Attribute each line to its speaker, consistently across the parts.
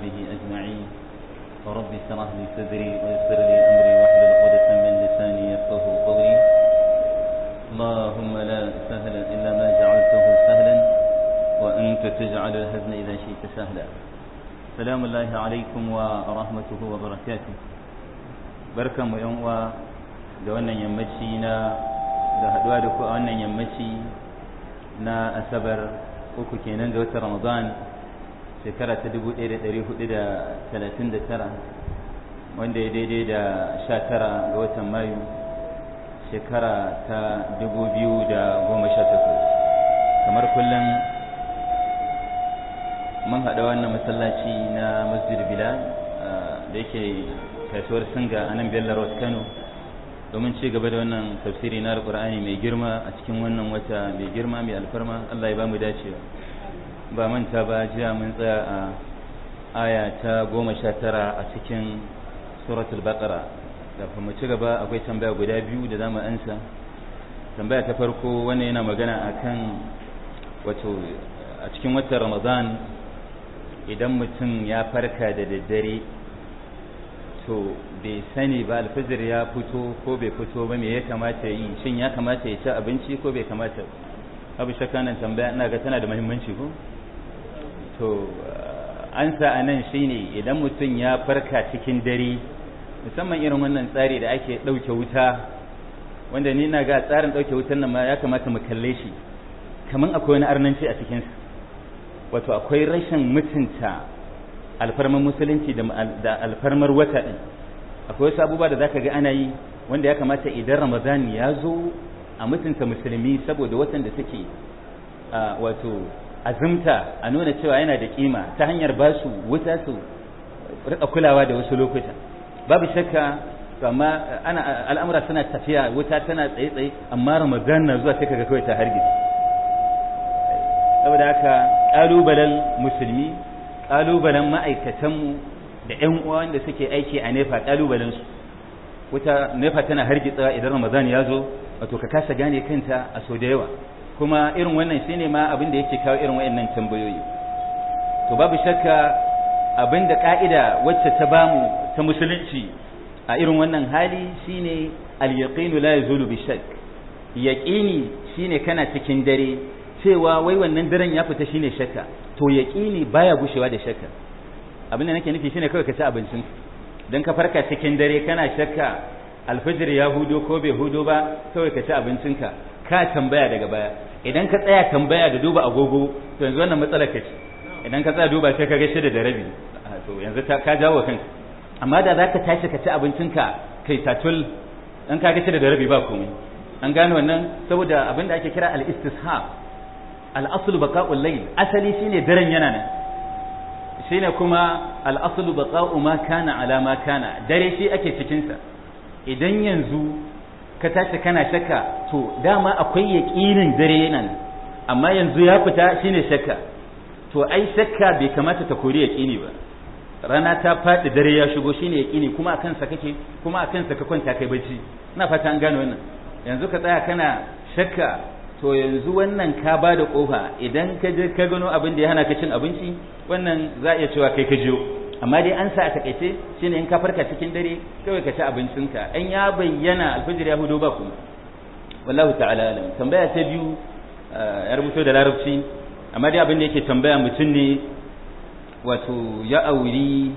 Speaker 1: وصحبه أجمعين ورب اشرح لي صدري ويسر لي أمري واحلل عقدة من لساني يفقه قولي اللهم لا سهل إلا ما جعلته سهلا وأنت تجعل الحزن إذا شئت سهلا سلام الله عليكم ورحمته وبركاته بركة يوم و دوانا يمشينا دوانا da haduwa da ku a na asabar uku kenan watan ramadan shekara ta da da talatin tara wanda ya daidai da sha tara ga watan mayu shekara ta goma sha 2018 kamar kullum mun haɗa wannan masallaci na masjid Bila da yake kasuwar singa a nan biyar wasu kano domin ci gaba da wannan tafsiri na alkur'ani mai girma a cikin wannan wata mai girma mai alfarma allah ya ba mu dacewa ba manta ba jiya mun tsaya a aya ta goma sha tara a cikin suratul baqara kafin mu ci gaba akwai tambaya guda biyu da zamu ansa tambaya ta farko wannan yana magana akan wato a cikin watan ramadan idan mutum ya farka da daddare to bai sani ba alfajir ya fito ko bai fito ba me ya kamata yi shin ya kamata ya ci abinci ko bai kamata abu shakka tambaya ina ga tana da muhimmanci ko to eh, ansa a nan shine idan mutum ya farka cikin dare musamman irin wannan tsari da ake ɗauke wuta wanda ni na ga tsarin ɗauke wutan nan ya kamata mu kalle shi kamar akwai wani arnanci a cikinsa wato akwai rashin mutunta alfarmar musulunci da alfarmar wata ɗin akwai wasu abubuwa da zaka ga ana yi wanda ya kamata idan ramadan ya zo a mutunta musulmi saboda watan da suke eh, wato azumta a nuna cewa yana da kima ta hanyar ba su wuta su rika kulawa da wasu lokuta babu shakka amma eh, ana al'amura suna tafiya wuta tana tsaye tsaye amma ramadan na zuwa sai kaga kawai ta hargitsi saboda haka kalubalen musulmi kalubalen ma'aikatanmu da yan uwa wanda suke aiki a nefa kalubalen su wuta nefa tana hargitsa idan ramadan ya zo wato ka kasa gane kanta a sau da yawa kuma irin wannan shine ma abin da yake kawo irin wannan tambayoyi to babu shakka abin da ka'ida wacce ta bamu ta musulunci a irin wannan hali shine al-yaqinu la yazulu bi shakk yaqini shine kana cikin dare cewa wai wannan daren ya fita shine shakka to yaƙini baya gushewa da shakka abin da nake nufi shine kawai ka ci abincin dan ka farka cikin dare kana shakka alfajir ya hudo ko bai hudo ba kawai ka ci abincinka ka tambaya daga baya idan ka tsaya tambaya da duba agogo to yanzu wannan matsala ka ce idan ka tsaya duba sai ka ga shida da rabi ah, to yanzu ka jawo kanka amma da za ka tashi ka ci abincinka kai tatul dan ka ga shida da rabi ba komai an gane wannan saboda abin da ake kira al-istishab al-aslu baqa'ul layl asali shine daren yana nan shine kuma al-aslu baqa'u ma kana ala ma kana dare shi ake cikin sa idan yanzu ka tashi kana shakka to dama akwai yaƙinin dare nan amma yanzu ya fita shine shakka to ai shakka bai kamata ta kori yaƙini ba rana ta faɗi dare ya shigo shine yaƙini kuma akan sa kake kuma akan sa ka kwanta kai bacci ina fata an gano wannan yanzu ka tsaya kana shakka to yanzu wannan ka ba da kofa idan ka je ka gano abin da ya hana ka cin abinci wannan za a iya cewa kai ka jiyo amma dai an sa a takaice shine in ka farka cikin dare kawai ka ci abincinka an ya bayyana alfajir ya hudo ba kuma wallahu ta'ala alam tambaya ta biyu eh, ya rubuto da larabci amma dai abin da yake tambaya mutum ne wato ya auri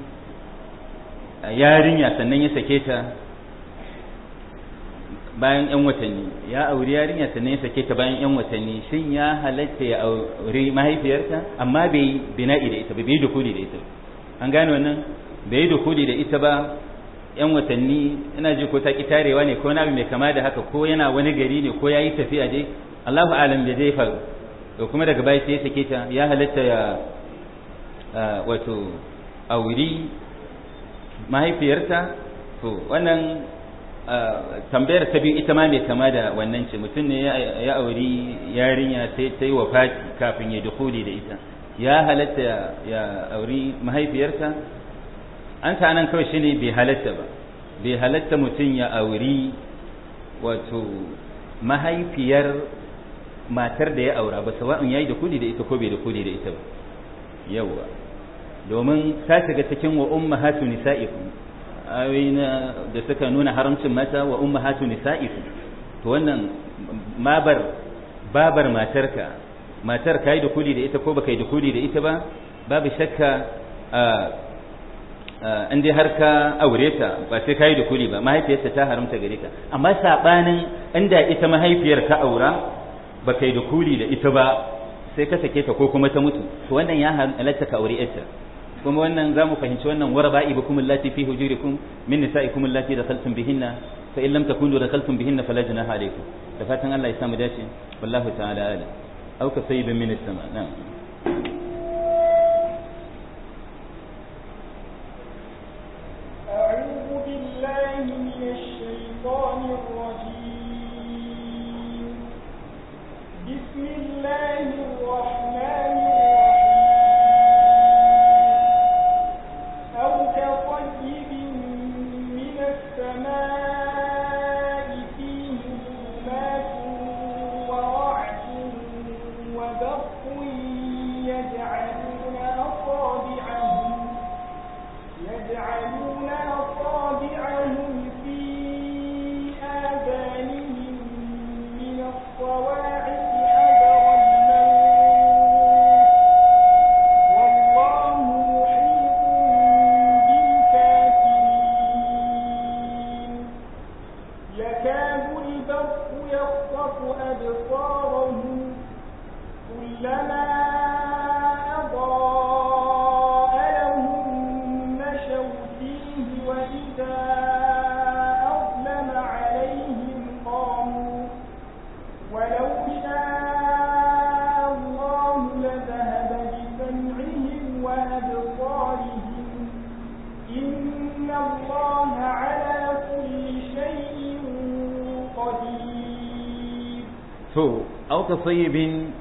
Speaker 1: eh, yarinya sannan ya sake ta bayan yan watanni ya auri yarinya sannan ya sake ta bayan yan watanni shin ya halatta ya auri mahaifiyarta amma bai bina'i da ita bai dukuli da ita an gane wannan bai yi dukuli da ita ba yan watanni ina ji ko ta ki tarewa ne ko na abu mai kama da haka ko yana wani gari ne ko ya yi tafiya dai Allahu alam da zai faru da kuma daga baya sai sake ta ya halatta ya wato wuri mahaifiyarta to wannan tambayar ta biyu ita ma mai kama da wannan ce mutum ne ya auri yarinya sai ta yi wafati kafin ya dukuli da ita ya halatta ya auri mahaifiyarsa an ta nan kawai shine bai halatta ba bai halatta mutum ya auri wato mahaifiyar matar da ya aura ba sawa'in yayi da kudi da ita ko bai da kudi da ita ba yawa domin ta shiga cikin wa ummahatu nisa'ikum ayoyin da suka nuna haramcin mata wa ummahatu nisa'ikum to wannan mabar babar matarka matar kai dukuli da ita ko baka yi dukuli da ita ba babu shakka in dai har ka aure ta ba sai ka yi da kuli ba mahaifiyarta ta haramta gare ka amma sabanin inda ita mahaifiyar ka aura baka da kuli da ita ba sai ka sake ta ko kuma ta mutu to wannan ya halatta ka aure ita kuma wannan za mu fahimci wannan bi kum allati fi hujurikum min nisa'ikum allati dakhaltum bihinna fa in lam takunu dakhaltum bihinna fala junaha alaykum da fatan Allah ya samu dace wallahu ta'ala a'lam أو كصيب من السماء نعم to auka sayyibin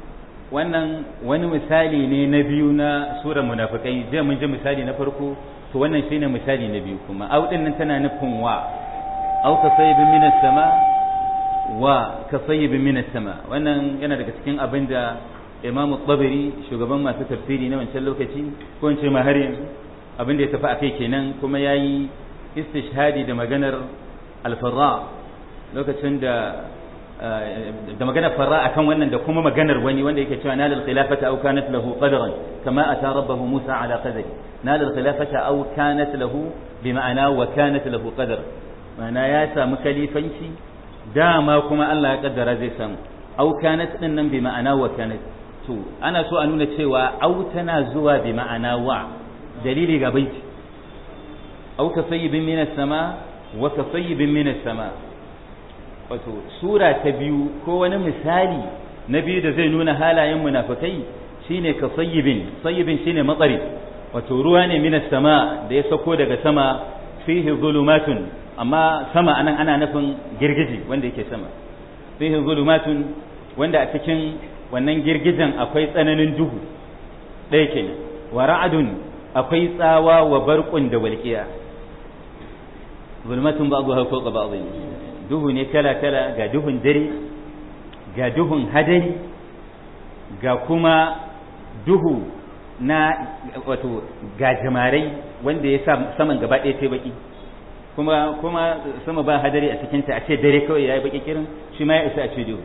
Speaker 1: wannan wani misali ne na biyu na sura munafikai je mun ji misali na farko to wannan shine misali na biyu kuma au din nan tana nufin wa auka sayyibin minas sama wa ka sayyibin minas sama wannan yana daga cikin abin da imamu shugaban masu tafsiri na wancan lokaci ko in ce ma har yanzu abin da ya tafi akai kenan kuma yayi istishhadi da maganar al-farra lokacin da da magana farra akan wannan da kuma maganar wani wanda yake cewa nalal khilafata aw kanat lahu qadran kama ata rabbahu Musa ala qadri nalal khilafata aw kanat lahu bi ma'ana wa kanat lahu qadr ma'ana ya samu kalifanci dama kuma Allah ya kaddara zai samu aw kanat din nan bi ma'ana wa kanat to ana so a nuna cewa aw tana zuwa bi ma'ana wa dalili ga baiti Au ka sayyibin minas sama wa ka sayyibin minas sama wato sura ta biyu ko wani misali na biyu da zai nuna halayen munafikai shine ka sayyibin sayyibin shine matsari wato ruwa ne minas sama da ya sako daga sama fihi zulumatun amma sama anan ana nufin girgiji wanda yake sama fihi zulumatun wanda a cikin wannan girgijin akwai tsananin duhu ɗaya kenan wa ra'adun akwai tsawa wa barkun da walqiya zulmatun ba'daha fawqa ba'dhin duhu ne kala-kala ga duhun dare ga duhun hadari ga kuma duhu na wato jamarai wanda ya sa saman gaba ɗaya ta baki kuma kuma sama ba hadari a cikin ta a ce dare kawai ya yi baki kirin shi ma ya isa a ce duhu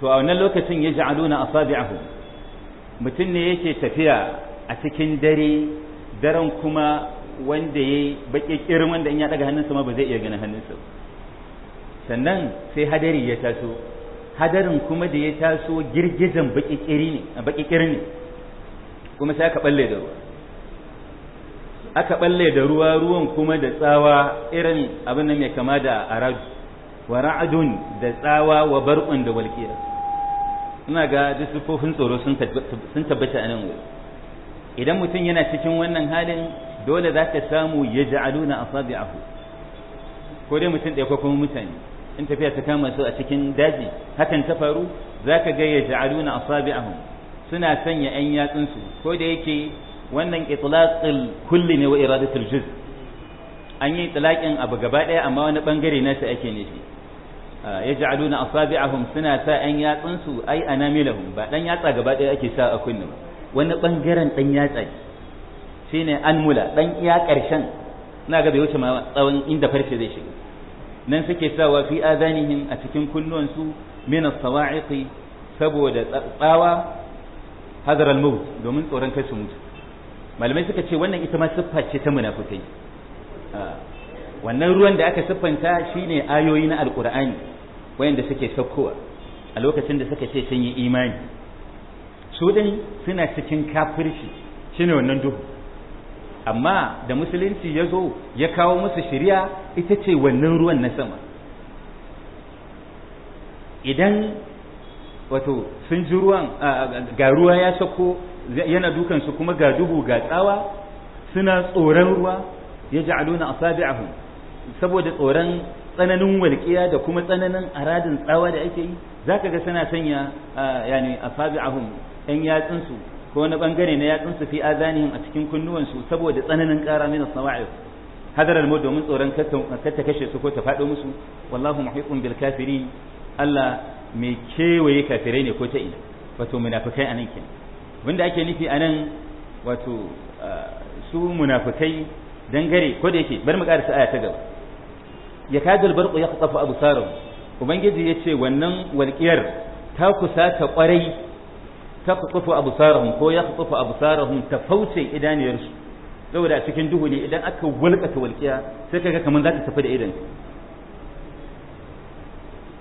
Speaker 1: to a wannan lokacin ya ja'aluna asabi'ahu mutum ne yake tafiya a cikin dare daren kuma wanda ya yi baki kirin wanda in ya daga hannunsa ma ba zai iya ganin hannunsa ba sannan sai hadari ya taso hadarin kuma da ya taso girgizan bakikir ne kuma sai aka balle da ruwa aka balle da ruwa ruwan kuma da tsawa irin abin nan mai kama da aradu wa ra'adun da tsawa wa barqun da walqiya ina ga duk tsoro sun tabbata a nan wuri idan mutum yana cikin wannan halin dole za samu ya ja'aluna asabi'ahu ko dai mutum ɗaya ko kuma mutane in tafiya ta kama su a cikin daji hakan ta faru za ka ga ya ja'aluna asabi'ahum suna sanya yan yatsunsu ko da yake wannan itlaqil kulli ne wa iradatul juz an yi itlaqin abu gaba ɗaya amma wani bangare nasa ake nufi a asabi'ahum suna sa yan yatsun su ai anamilahum ba ɗan yatsa gaba ɗaya ake sa a kunni wani bangaren ɗan yatsa shine anmula ɗan iya ƙarshen na ga bai wuce ma tsawon inda farce zai shiga nan suke sawa fi adanihim a cikin kunnuwansu min as-sawa'iqi saboda tsawa hadar al domin tsoron kai su mutu malamai suka ce wannan ita ma siffa ce ta munafikai ah, wannan ruwan da aka siffanta shine ayoyi na alqur'ani wayanda suke saukowa a lokacin da suka ce sun yi imani su dai suna cikin kafirci shine wannan duhu amma da musulunci ya zo ya kawo musu shari'a ita ce wannan ruwan na sama idan wato sun ji ruwan ga ruwa ya sako yana dukansu kuma ga duhu ga tsawa suna tsoron ruwa ya ji aluna asabi'ahum saboda tsoron tsananin walƙiya da kuma tsananin aradin tsawa da ake yi zaka ga suna sanya yani asabi'ahum ɗan yatsunsu ko wani bangare na yatsun su fi azanihim a cikin kunnuwansu saboda tsananin ƙara min as-sawa'i hadaral mu domin tsoron kar ta kashe su ko ta faɗo musu wallahu muhiqun bil kafirin Allah mai kewaye kafirai ne ko ta ina wato munafikai anan kenan wanda ake nufi anan wato su munafikai dangare ko da yake bar mu ƙarasa aya ta gaba ya kajal barqu yaqtafu absarahum ubangiji yace wannan walqiyar ta kusa ta kwarai taqtufu absarahum ko yaqtufu absarahum ta fauce idaniyarsu saboda a cikin duhu ne idan aka walƙata walƙiya sai kaga kamar za ta tafi da idan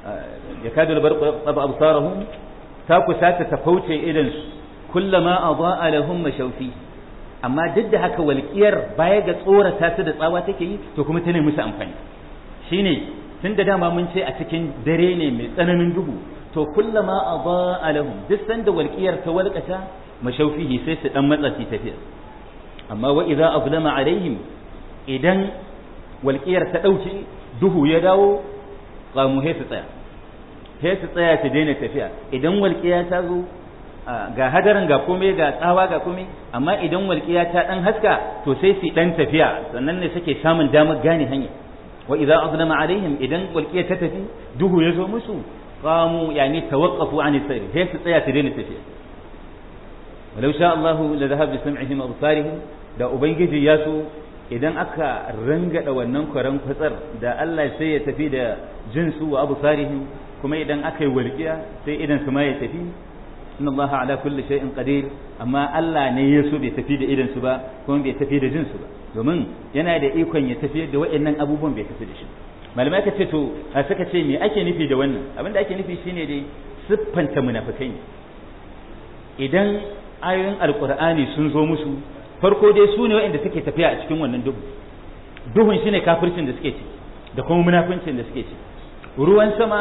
Speaker 1: eh, ya kadu da barqaba absarahum ta kusa ta tafauce idan su kullama adaa lahum mashawfi amma duk da haka walƙiyar baya ga tsorata su da tsawa take yi to kuma ta ne musu amfani shine tun da dama mun ce a cikin dare ne mai tsananin duhu to kullama adaa lahum duk sanda walƙiyar ta walƙata mashaufihi sai su dan matsa su tafiya amma wa idza aflama alaihim idan walƙiyar ta dauke duhu ya dawo qamu sai su tsaya sai su tsaya ta daina tafiya idan walqiya ta zo ga hadarin ga komai ga tsawa ga komai amma idan walqiya ta dan haska to sai su dan tafiya sannan ne suke samun damar gane hanya wa idza azlama alaihim idan walqiya ta tafi duhu ya zo musu qamu yani tawaqqafu an sayr sai su tsaya su daina tafiya walau sha Allahu la dhahab bi sam'ihim da ubangiji ya so idan aka rangada wannan kwaran kwatsar da Allah sai ya tafi da jinsu wa absarihim kuma idan aka yi walƙiya sai idan su ya tafi inna Allah ala kulli shay'in qadir amma Allah ne ya so bai tafi da idan ba kuma bai tafi da jinsu ba domin yana da ikon ya tafi da waɗannan abubuwan bai tafi da shi malamai aka ce to a suka ce me ake nufi da wannan abin da ake nufi shine dai siffanta munafikai idan ayoyin alkur'ani sun zo musu farko dai su ne waɗanda suke tafiya a cikin wannan duhu duhun shine kafircin da suke ci da kuma munafincin da suke ci ruwan sama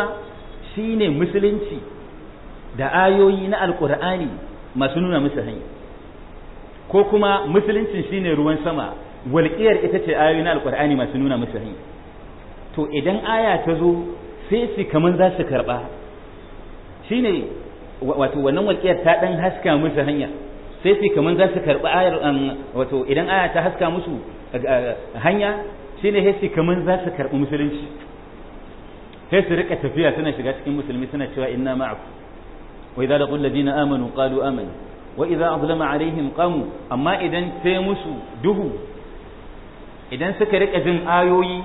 Speaker 1: shine musulunci da ayoyi na alkur'ani masu nuna musu hanya ko kuma musuluncin shine ruwan sama walƙiyar ita ce ayoyi na alkur'ani masu nuna musu hanya to idan aya ta zo sai su kaman za su karba shine wato wannan walƙiyar ta dan haska musu hanya sai su kaman za su karba ayar um, wato idan aya ta haska musu uh, uh, hanya shine sai su kaman za su karbi musulunci sai su rika tafiya suna shiga cikin musulmi suna cewa inna ma'akum wa idza laqul ladina amanu qalu amanna wa idza azlama alaihim qamu amma idan sai musu duhu idan suka rika jin ayoyi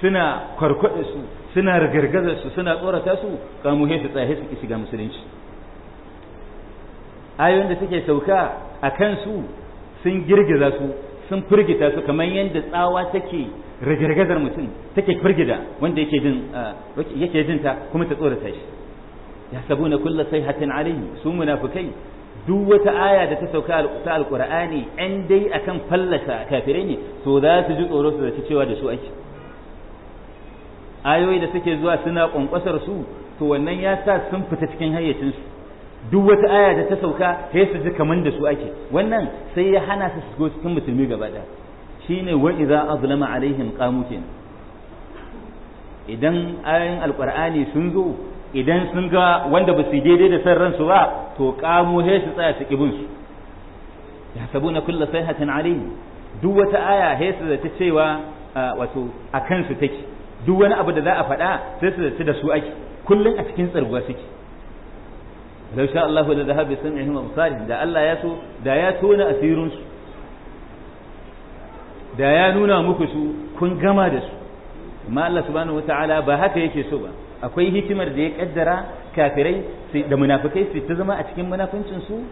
Speaker 1: suna kwarkwada su suna rigargaza su suna tsorata su kamu mu hesu tsaye su ki shiga musulunci ayoyin da suke sauka a su sun girgiza su sun firgita su kamar yadda tsawa take rigargazar mutum take firgida wanda yake jin yake jin ta kuma ta tsorata shi ya sabuna kullu sayhatin alayhi su munafikai duk wata aya da ta sauka ta alqur'ani yan dai akan fallasa kafirai ne to za su ji tsoro su zaci cewa da su ake ayoyi da suke zuwa suna kwankwasar su to wannan ya sa sun fita cikin hayyacinsu duk wata aya da ta sauka sai su ji kaman da su ake wannan sai ya hana su shigo cikin musulmi gaba ɗaya shine wa idza azlama alaihim qamu idan ayoyin alqur'ani sun zo idan sun ga wanda ba su daidai da san ransu ba to kamo he su tsaya su kibin su yahsabuna kullu sayhatin alayhi duk wata aya haisa da ta cewa wato akan su take duk wani abu da za a faɗa sai su zaci da su ake kullum a cikin tsarguwa suke lau sha Allahu da zahabi sam'ihim absarihim da Allah ya so da ya tona asirinsu. da ya nuna muku su kun gama da su amma Allah subhanahu wataala ba haka yake so ba akwai hikimar da ya kaddara kafirai da munafikai su ta zama a cikin munafincin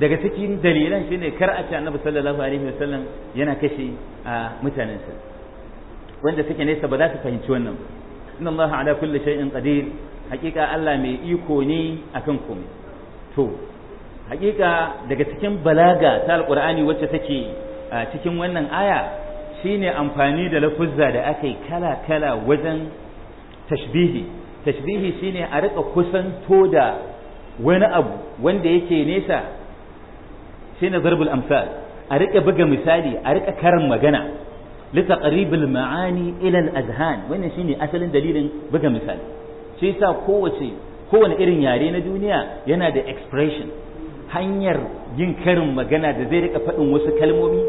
Speaker 1: daga cikin dalilan shine kar a ci annabi sallallahu alaihi wasallam yana kashe a mutanensa wanda suke nesa ba za su fahimci wannan ba inna allaha ala kulli shay'in qadir hakika Allah mai iko ne akan komai to hakika daga cikin balaga ta alqur'ani wacce take cikin wannan aya shine amfani da lafuzza da aka yi kala kala wajen tashbihi tashbihi shine a rika kusanto da wani abu wanda yake nesa shine zarbul amsal a rika buga misali a rika karin magana لتقريب المعاني إلى الأذهان وإن شيني أسل دليل بقى مثال شيء سا kowace kowane irin yare na duniya yana da expression hanyar yin karin magana da zai rika faɗin wasu kalmomi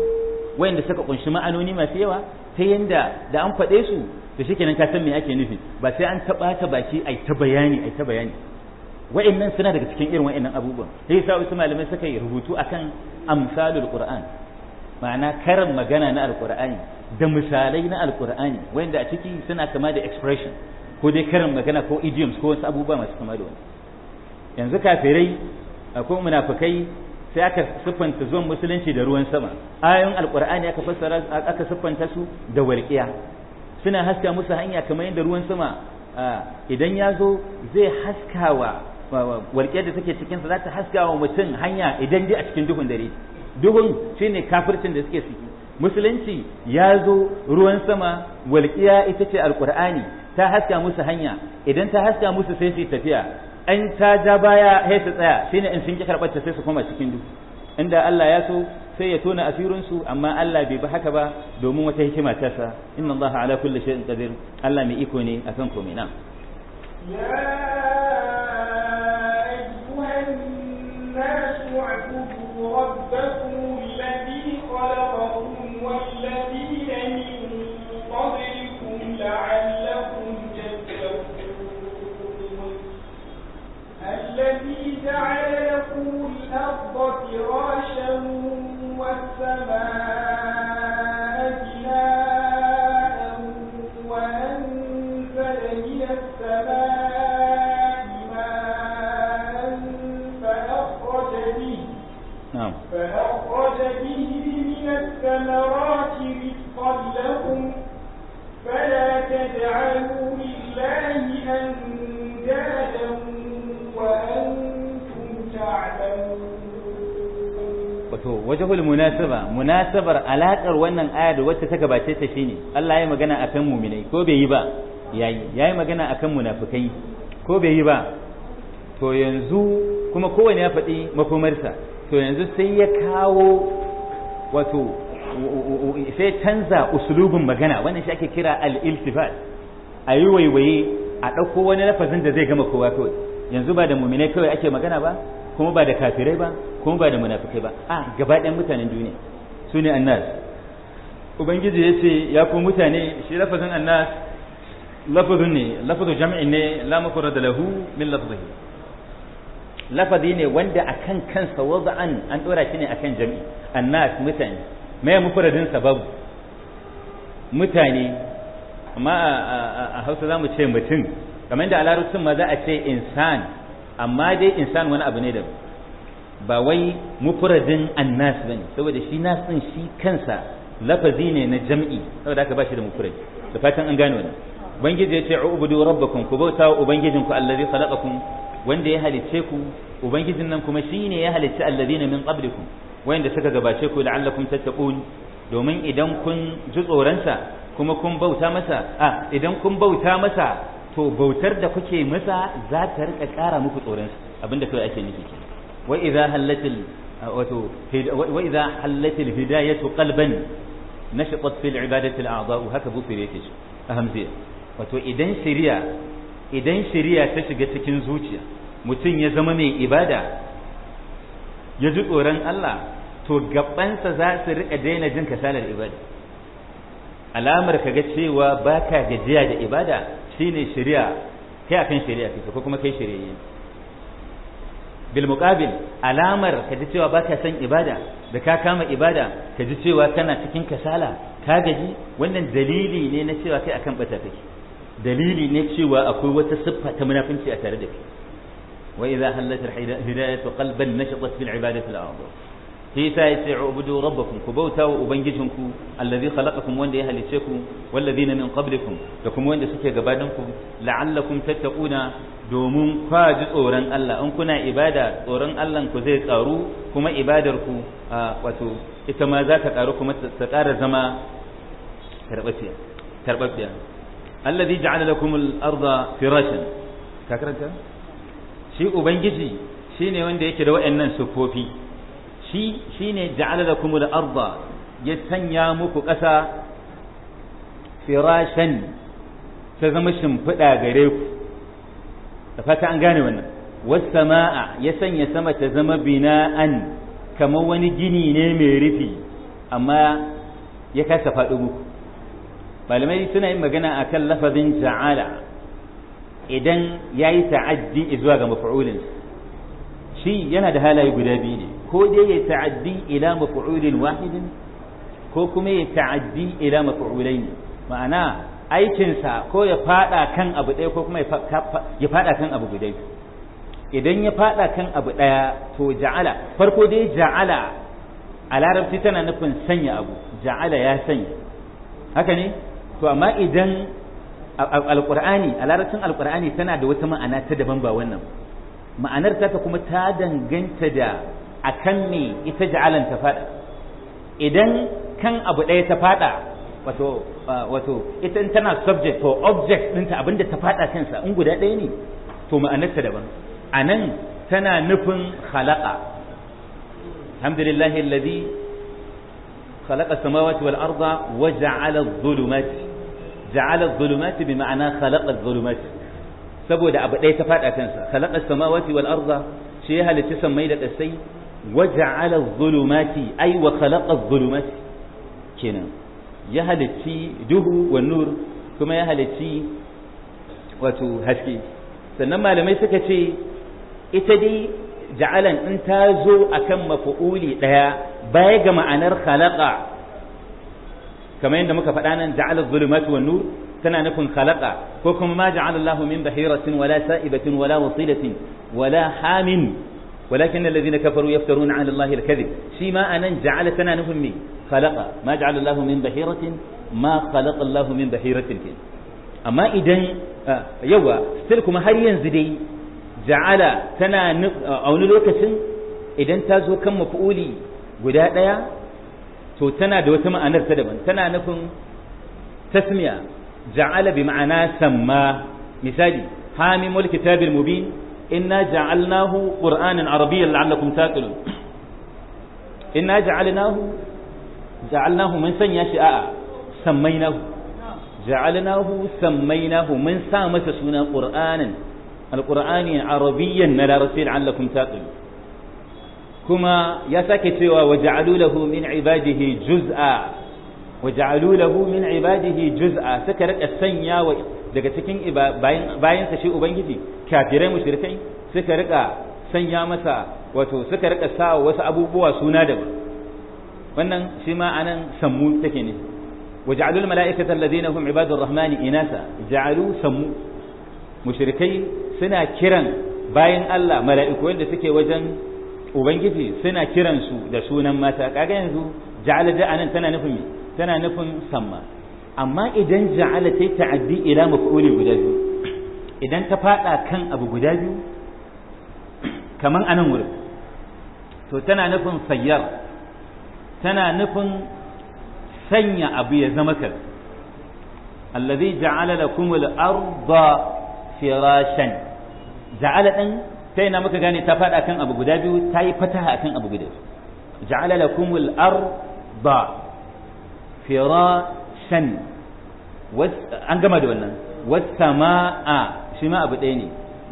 Speaker 1: wayanda suka kunshi ma'anoni masu yawa ta yanda da an faɗe su da shi kenan ka san me ake nufi ba sai an taɓa ta baki ai ta bayani ai ta bayani wa'annan suna daga cikin irin wa'annan abubuwan sai yasa wasu malamai suka yi rubutu akan amsalul qur'an ma'ana karin magana na alkur'ani da misalai na alkur'ani wanda a ciki suna kama da expression ko dai karin magana ko idioms ko wasu abubuwa masu kama da wani yanzu kafirai ko munafukai sai aka siffanta zuwan musulunci da ruwan sama ayoyin alkur'ani aka fassara aka siffanta su da walƙiya suna haska musu hanya kamar yadda ruwan sama idan ya zo zai haskawa walƙiyar da take cikinsa za ta haskawa mutum hanya idan dai a cikin duhun dare duhun shine kafircin da suke ciki musulunci ya zo ruwan sama walƙiya ita ce alƙur'ani ta haska musu hanya idan ta haska musu sai su tafiya an ta ja baya sai su tsaya shine in sun ki karɓar ta sai su koma cikin duhu inda Allah ya so sai ya tona asirinsu amma Allah bai ba haka ba domin wata hikima ta sa inna Allah ala kulli shay'in qadir Allah mai iko ne akan komai na
Speaker 2: ya ayyuhan ربكم الذي خلقكم والذين من قبلكم جعل لكم الأرض فراشا والسماء
Speaker 1: wajhul munasaba munasabar alakar wannan aya da wacce ta gabace ta shine Allah ya magana akan mu'minai ko bai yi ba yayi yayi magana akan munafikai ko bai yi ba to yanzu kuma kowane ya faɗi makomarsa to yanzu sai ya kawo wato sai canza usulubin magana wannan shi ake kira al-iltifat a yi waiwaye a ɗauko wani lafazin da zai gama kowa kawai yanzu ba da muminai kawai ake magana ba kuma ba da kafirai ba kuma ba da munafikai ba a gaba ɗayan mutanen duniya su ne annas ubangiji ya ce ya ku mutane shi lafazin annas lafazin ne lafazin jami'in ne la da lahu min lafazin lafazi ne wanda a kan kansa wada'an an ɗora shi ne a kan jami'i annas mutane mai mufuradin sababu mutane amma a hausa za mu ce mutum kamar da a larabcin ma za a ce insan amma dai insan wani abu ne da ba wai mufradin annas bane saboda shi nas din shi kansa lafazi ne na jam'i saboda haka ba shi da mufrad da fatan an gane wannan ubangiji ya ce ubudu rabbakum ku bauta wa ubangijinku allazi khalaqakum wanda ya halicce ku ubangijin nan kuma shine ya halicci allazina min qablikum wanda suka gabace ku la'allakum tattaqun domin idan kun ji tsoronsa kuma kun bauta masa a ah, idan kun bauta masa to bautar da kuke masa za ta rika ƙara muku tsoron abinda kawai ake nufi ke wa idza hallatil wato wa idza hallatil hidayatu qalban nashqat fil ibadati al a'dha haka bufir yake shi ahamziya wato idan shari'a idan shari'a ta shiga cikin zuciya mutum ya zama mai ibada ya ji tsoron Allah to gabansa za su rika daina jin kasalar ibada alamar kaga cewa baka gajiya da ibada shine shari'a kai akan shari'a kai ko kuma kai shari'a bil muqabil alamar ka ji cewa baka san ibada da ka kama ibada ka ji cewa kana cikin kasala ka gaji wannan dalili ne na cewa kai akan bata kake dalili ne cewa akwai wata siffa ta munafinci a tare da kai wa idza hallatil hidayatu qalban nashatat bil ibadati al sai yasa yace ubudu rabbakum ku bauta wa ubangijinku allazi khalaqakum wanda ya halice ku wallazina min qablikum da kuma wanda suke gabanin ku la'allakum tattaquna domin kwa ji tsoron Allah in kuna ibada tsoron Allah ku zai karu kuma ibadar ku wato ita ma za ta karu kuma ta ƙara zama karɓaɓɓiya karɓaɓɓiya allazi ja'ala lakum al-ardha firashan ka karanta shi ubangiji shine wanda yake da waɗannan sufofi shi shine ja'alala kuma da arba ya sanya muku ƙasa firashan ta zama shimfiɗa gare ku da fata an gane wannan wasu sama'a ya sanya sama ta zama bina'an kamar wani gini ne mai rufi amma ya kasa faɗo muku malamai suna yin magana akan lafazin ja'ala idan ya yi ta'addi zuwa ga mafa'ulin shi yana da halaye guda biyu ne ko dai ya ta'addi ila maf'ulin wahidin ko kuma ya ta'addi ila maf'ulaini ma'ana aikinsa ko ya fada kan abu ɗaya ko kuma ya fada kan abu guda idan ya fada kan abu daya to ja'ala farko dai ja'ala a larabci tana nufin sanya abu ja'ala ya sanya haka ne to amma idan alqur'ani a larabcin alqur'ani tana da wata ma'ana ta daban ba wannan ma'anar ta kuma ta danganta da akan me ita ja'alan ta fada idan kan abu ɗaya ta fada wato wato ita tana subject to object ɗinta abinda ta fada kansa in guda ɗaya ne to ma'anarta daban anan tana nufin khalaƙa alhamdulillahi alladhi khalaqa samawati wal arda wa ja'ala adh-dhulumati ja'ala adh-dhulumati bi ma'ana khalaqa adh-dhulumati saboda abu ɗaya ta faɗa kansa khalaqa samawati wal arda shi ya halitta sammai da ƙasai waja'ala adh-dhulumati ay wa khalaqa kenan ya halacci duhu wa nur kuma ya halacci wato haske sannan malamai suka ce ita dai ja'alan in ta zo akan mafa'uli daya baya ga ma'anar khalaqa kamar yadda muka faɗa nan ja'ala adh nur tana nufin khalaqa ko kuma ma ja'ala Allahu min bahiratin wala sa'ibatin wala wasilatin wala hamin ولكن الذين كفروا يفترون على الله الكذب شيما أنا جعل تنا نفهم خلق ما جعل الله من بحيرة ما خلق الله من بحيرة كين أما إذن يوا ستلكم هل ينزدي جعل تنا نف... أو نلوكة إذن تازو كم مفؤولي guda ɗaya to tana da wata ma'anar ta daban tana nufin tasmiya ja'ala bi ma'ana samma misali hamimul kitabil mubin inna ja'alnahu qur'anan arabiyyan la'allakum taqilun inna ja'alnahu ja'alnahu mun sanya shi a'a sammainahu ja'alnahu sammainahu mun sa masa suna qur'anan alqur'ani arabiyyan na larabci la'allakum taqilun kuma ya sake cewa wa ja'alu lahu min ibadihi juz'a wa ja'alu suka rika sanya wa daga cikin bayan sa shi ubangiji kafirai mushrikai suka rika sanya masa wato suka rika sa wasu abubuwa suna daban wannan shi ma anan sammu take ne وجعلوا الملائكة الذين هم عباد الرحمن إناثا جعلوا سمو مشركي سنا كيران باين الله ملائكة وين suke wajen ubangiji suna kiransu da sunan mata kaga yanzu ja'ala anan tana nufin tana nufin samma amma idan ja'ala ta yi ta'addi ila maf'uli guda biyu idan ta fada kan abu guda biyu kaman anan wurin to tana nufin sayyar tana nufin sanya abu ya zama kar allazi ja'ala lakum al-ardha firashan ja'ala din sai na muka gane ta fada kan abu guda biyu ta yi fataha akan abu guda biyu ja'ala lakum al-ardha firashan sami an gama da wannan wasama'a shi ma abu ɗaya ne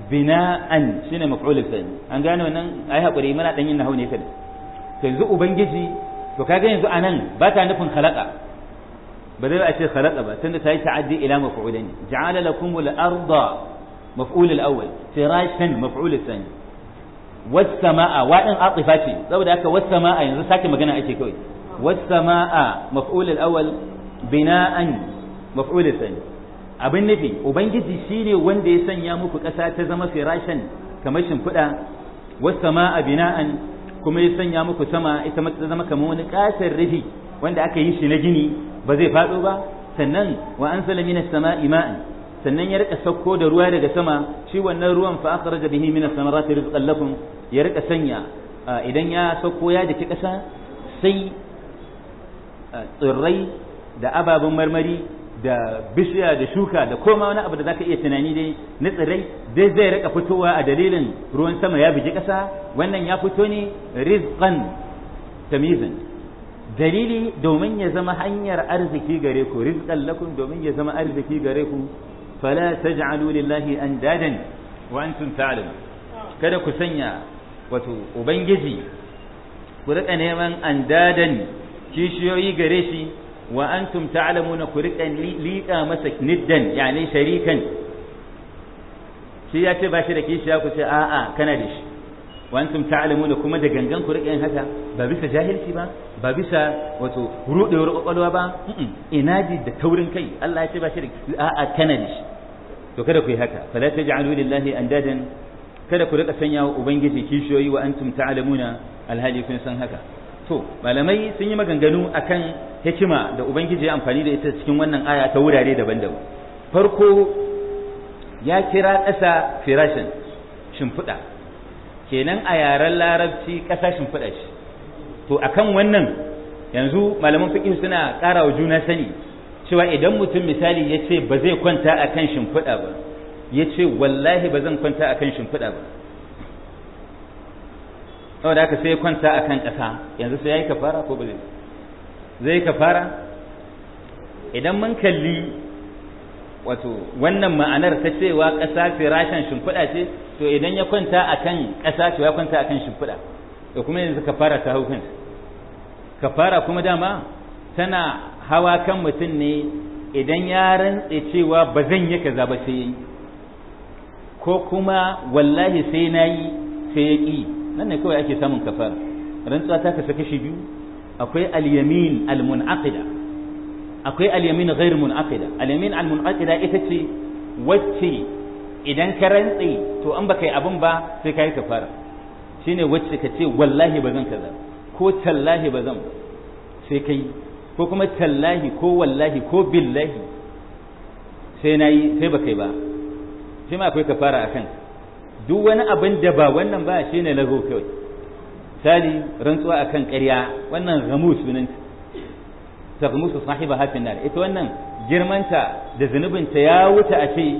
Speaker 1: bina'an shine maf'ulul sani an gane wannan ai hakuri muna dan yin nahau ne ka to yanzu ubangiji to kaga yanzu anan ba ta nufin khalaqa ba zai a ce khalaqa ba tunda ta yi ta'addi ila maf'ulain ja'ala lakum al-arda maf'ul al-awwal firashan maf'ul al-thani was-samaa wa din atifa ce saboda haka was-samaa yanzu sake magana ake kawai was-samaa maf'ul al-awwal bina'an maf'ul sani abin nufi ubangiji shine wanda ya sanya muku kasa ta zama firashan kamar shimfiɗa wasu sama'a bina'an kuma ya sanya muku sama ita ta zama kamar wani ƙatar rufi wanda aka yi shi na gini ba zai faɗo ba sannan wa an salami na sama'i ma'an sannan ya rika sauko da ruwa daga sama shi wannan ruwan fa akhraja bihi min samarati rizqan lakum ya rika sanya idan ya sauko ya dake kasa sai tsirrai da ababen marmari da bishiya da shuka da koma wani abu da zaka iya tunani dai na tsirrai dai zai rika fitowa a dalilin ruwan sama ya biji ƙasa wannan ya fito ne rizqan tamizan dalili domin ya zama hanyar arziki gare ku rizqan lakum domin ya zama arziki gare ku fala taj'alu lillahi andadan wa antum ta'lam kada ku sanya wato ubangiji ku rika neman andadan kishiyoyi gare shi wa antum ta'lamuna ku riƙa liƙa masa niddan yani sharikan shi ya ce ba shi da kishiya ku ce a'a kana da shi wa antum kuma da gangan ku riƙa yin haka ba bisa jahilci ba ba bisa wato rudewar kwakwalwa ba inadi da taurin kai Allah ya ce ba shi da a'a kana da shi to kada ku yi haka fala taj'alu lillahi kada ku rika sanya ubangiji kishiyoyi wa antum alhali kun san haka to malamai sun yi maganganu akan hikima da ubangiji ya amfani da ita cikin wannan aya ta wurare daban-daban farko ya kira ƙasa firashin shimfiɗa kenan a yaren larabci ƙasa shimfiɗa shi to akan wannan yanzu malaman fiƙi suna ƙara wa juna sani cewa idan mutum misali ya ce ba zai kwanta akan shimfiɗa ba ya ce wallahi ba zan kwanta akan shimfiɗa ba saboda haka sai kwanta a kan ƙasa yanzu sai ya yi kafara ko ba zai kafara idan mun kalli wato wannan ma'anar ta cewa ƙasa firashin shimfiɗa ce to idan ya kwanta a kan ƙasa to ya kwanta a kan shimfiɗa to kuma yanzu kafara ta hau kansa kafara kuma dama tana hawa kan mutum ne idan ya rantse cewa ba zan yi kaza ba sai yi ko kuma wallahi sai na yi sai ya ƙi nan ne kawai ake samun kafara rantsuwa ta kasa kashi biyu akwai al-yamin al-munaqida akwai al-yamin ghair munaqida al-yamin al-munaqida ita ce wacce idan ka rantsi to an baka yi abin ba sai ka yi kafara shine wacce ka ce wallahi ba zan kaza ko tallahi ba zan sai ka yi ko kuma tallahi ko wallahi ko billahi sai na yi sai baka yi ba shi ma akwai kafara a kanka duk wani abin da ba wannan ba shi ne lago kawai misali rantsuwa a kan ƙarya wannan ramu sunan ta gamu su sahiba hafin nar ita wannan girmanta da zunubinta ya wuta a ce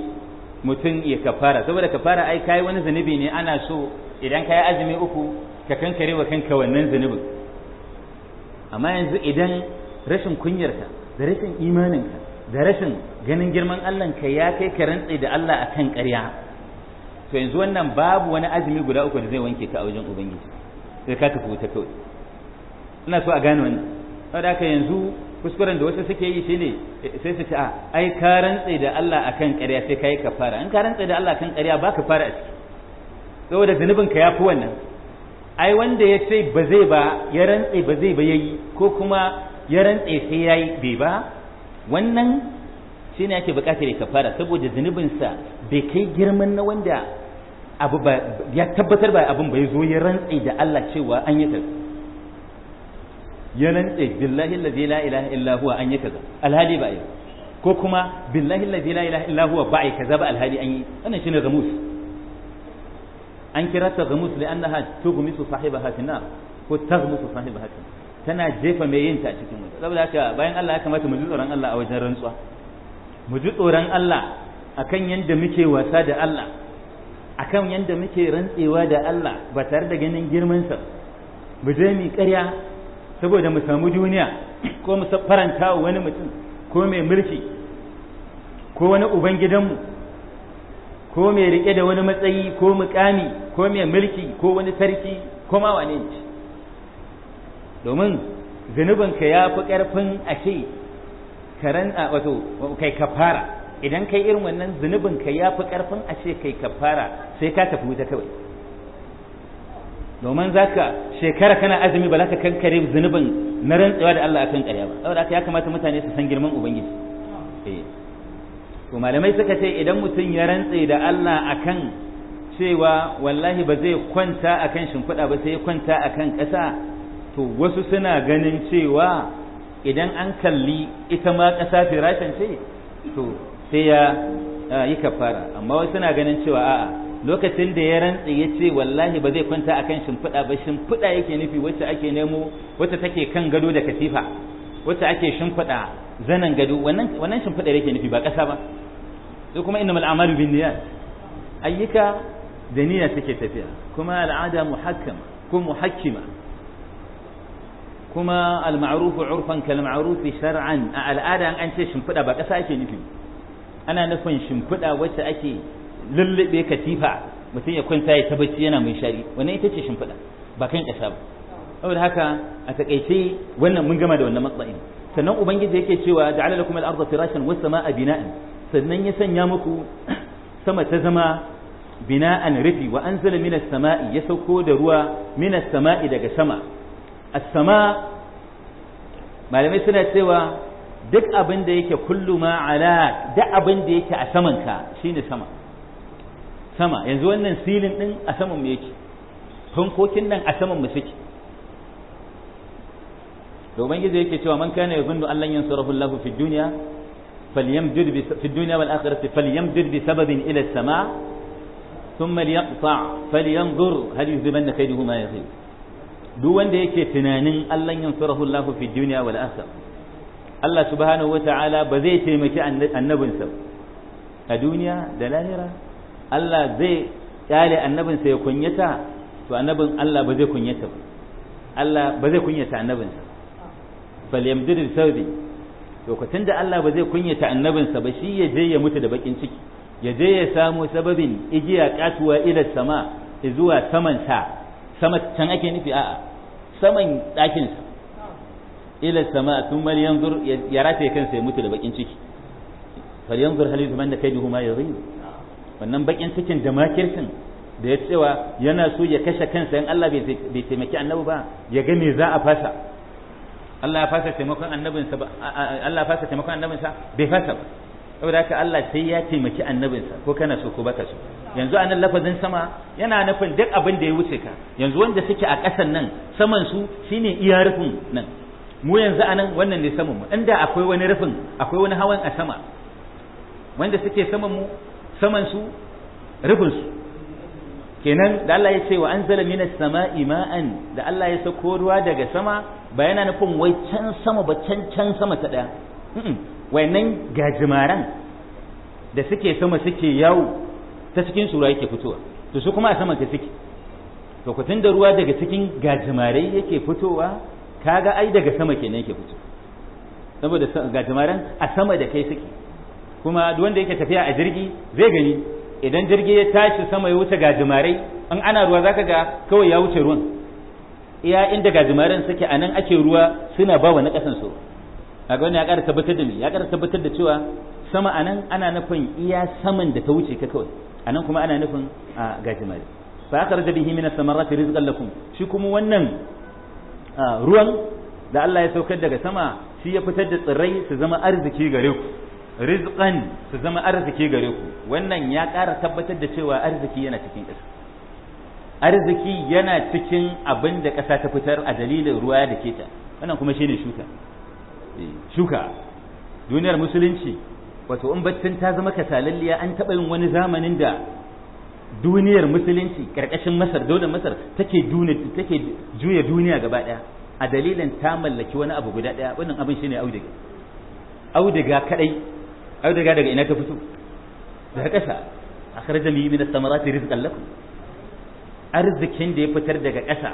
Speaker 1: mutum ya kafara saboda kafara ai kai wani zunubi ne ana so idan ka yi azumi uku ka kankare wa kanka wannan zunubin amma yanzu idan rashin kunyarka da rashin imaninka da rashin ganin girman ka ya kai ka rantsi da Allah akan ƙarya to yanzu wannan babu wani azumi guda uku da zai wanke ka a wajen ubangiji sai ka tafi wuta kawai ina so a gane wannan saboda haka yanzu kuskuren da wasu suke yi shine sai su ce a ah, ai ka rantsa da Allah akan ƙarya sai kai kafara in ka rantsa da Allah akan ƙarya ba ka fara a ciki saboda zunubin ka yafi wannan ai wanda ya ce ba zai ba ya rantsa ba zai ba yayi ko kuma ya rantsa sai yayi bai ba wannan shine ake bukatar ya kafara saboda zunubinsa bai kai girman na wanda abu ba ya tabbatar ba abin bai zo ya rantse da Allah cewa an yi kaza ya rantse billahi la ilaha illa huwa an yi kaza alhali ba yi ko kuma billahi la ilaha illa huwa ba yi kaza ba alhali an yi wannan shine gamus an kira ta gamus li'annaha tughmisu sahibaha fi nar ko taghmisu sahibaha fi tana jefa mai yin ta a cikin wuta saboda haka bayan Allah ya kamata mu ji tsoron Allah a wajen rantsuwa mu ji tsoron Allah akan yadda muke wasa da Allah akan yadda muke rantsewa da Allah ba tare da ganin girmansa mu je mu ƙarya saboda mu samu duniya ko mu faranta wani mutum ko mai mulki ko wani uban gidanmu ko mai rike da wani matsayi ko mukami ko mai mulki ko wani sarki ko ma wane ne domin zunubinka ya fi ƙarfin a ce ka wato kai kafara idan kai irin wannan zunubin ka ya fi karfin a ce kai kafara sai ka tafi wuta kawai domin za ka shekara kana azumi ba za ka kankare zunubin na rantsewa da Allah akan ƙarya ba saboda haka ya kamata mutane su san girman ubangiji eh. to malamai suka ce idan mutum ya rantse da Allah akan cewa wallahi ba zai kwanta akan shimfiɗa ba sai ya kwanta akan ƙasa to wasu suna ganin cewa idan an kalli ita ma ƙasa firashin ce to sai ya yi kafara amma wasu suna ganin cewa a'a lokacin da ya rantsi ya ce wallahi ba zai kwanta akan shimfiɗa ba shimfiɗa yake nufi wacce ake nemo wacce take kan gado da katifa wacce ake shimfiɗa zanen gado wannan shimfiɗa yake nufi ba ƙasa ba sai kuma innamal a'malu niyyat ayyuka da niyya take tafiya kuma al'ada muhakkama ko muhakkima kuma al-ma'ruf 'urfan kal ma'ruf shar'an al'ada an ce shimfiɗa ba ƙasa ake nufi ana nufin shimfiɗa wacce ake lullube katifa mutum ya kwanta ya tabbaci yana mai shari wannan ita ce shimfiɗa ba kan ƙasa ba saboda haka a takaice wannan mun gama da wannan matsayin sannan ubangiji yake cewa da alala al-ardha firashan wasu samaa bina'an sannan ya sanya muku sama ta zama bina'an rufi wa an anzala minas sama'i ya sauko da ruwa minas sama'i daga sama as-sama malamai suna cewa duk abin da yake kullu ma ala duk abin da yake a samanka ka shine sama sama yanzu wannan silin din a saman mu yake fankokin nan a saman mu suke Domin ubangiji yake cewa man kana yazunnu allan yansurahu Allahu fi fi dunya wal akhirati falyamdud bi sababin ila as-sama thumma liyaqta falyanzur hal yuzibanna kayduhu duk wanda yake tunanin allan yansurahu Allahu fi dunya Allah subhanahu ta'ala ba zai taimaki annabinsa a duniya da lahira Allah zai kyale annabinsa ya kunyata to annabin Allah ba zai kunyata ba Allah ba zai kunyata annabinsa falyamdir sawdi lokacin da Allah ba zai kunyata annabinsa ba shi ya je ya mutu da bakin ciki ya je ya samu sababin igiya katuwa ila sama zuwa saman sa sama can ake nufi a'a saman sa ila sama sun mal yanzur ya rataye kansa ya mutu da bakin ciki fal yanzur hal yuzman da kaiduhu ma yazin wannan bakin cikin da makircin da ya cewa yana so ya kashe kansa in Allah bai taimaki annabi ba ya ga me za a fasa Allah ya fasa taimakon annabinsa ba Allah ya fasa taimakon annabinsa bai fasa ba saboda haka Allah sai ya taimaki annabinsa ko kana so ko baka so yanzu anan lafazin sama yana nufin duk abin da ya wuce ka yanzu wanda suke a ƙasan nan saman su shine iya nan mu yanzu anan wannan ne saman mu inda akwai wani rufin akwai wani hawan a sama wanda suke saman mu saman su rufin su kenan da Allah ya ce wa anzala minas sama'i ma'an da Allah ya sako ruwa daga sama ba yana nufin wai can sama ba can can sama ta daya wayannan gajimaran da suke sama suke yawo ta cikin sura yake fitowa to su kuma a sama ta suke to ku da ruwa daga cikin gajimarai yake fitowa kaga ai daga sama kenan yake fito saboda gajimaren a sama da kai suke kuma duk wanda yake tafiya a jirgi zai gani idan jirgi ya tashi sama ya wuce gajimarai in ana ruwa zaka ga kawai ya wuce ruwan iya inda gajimaran suke anan ake ruwa suna bawa na kasan su kaga wannan ya ƙara tabbatar da ni ya ƙara tabbatar da cewa sama anan ana nufin iya saman da ta wuce ka kawai anan kuma ana nufin a gajimare fa akhraj bihi min as-samarati rizqan lakum shi kuma wannan ruwan da Allah ya saukar daga sama shi ya fitar da tsirrai su zama arziki gare ku rizqan su zama arziki gare ku wannan ya ƙara tabbatar da cewa arziki yana cikin ƙasa arziki yana cikin abin da ƙasa ta fitar a dalilin ruwa da ke ta, wannan kuma shine shuka eh, shuka duniyar musulunci wato in batun ta zama kasalalliya an taɓa yin wani zamanin da duniyar musulunci karkashin masar dole masar take take juya duniya gaba daya a dalilin ta mallaki wani abu guda daya wannan abin shine audiga audiga kadai audiga daga ina ta fito daga kasa akhraja li min ath-thamarati rizqan lakum arzikin da ya fitar daga kasa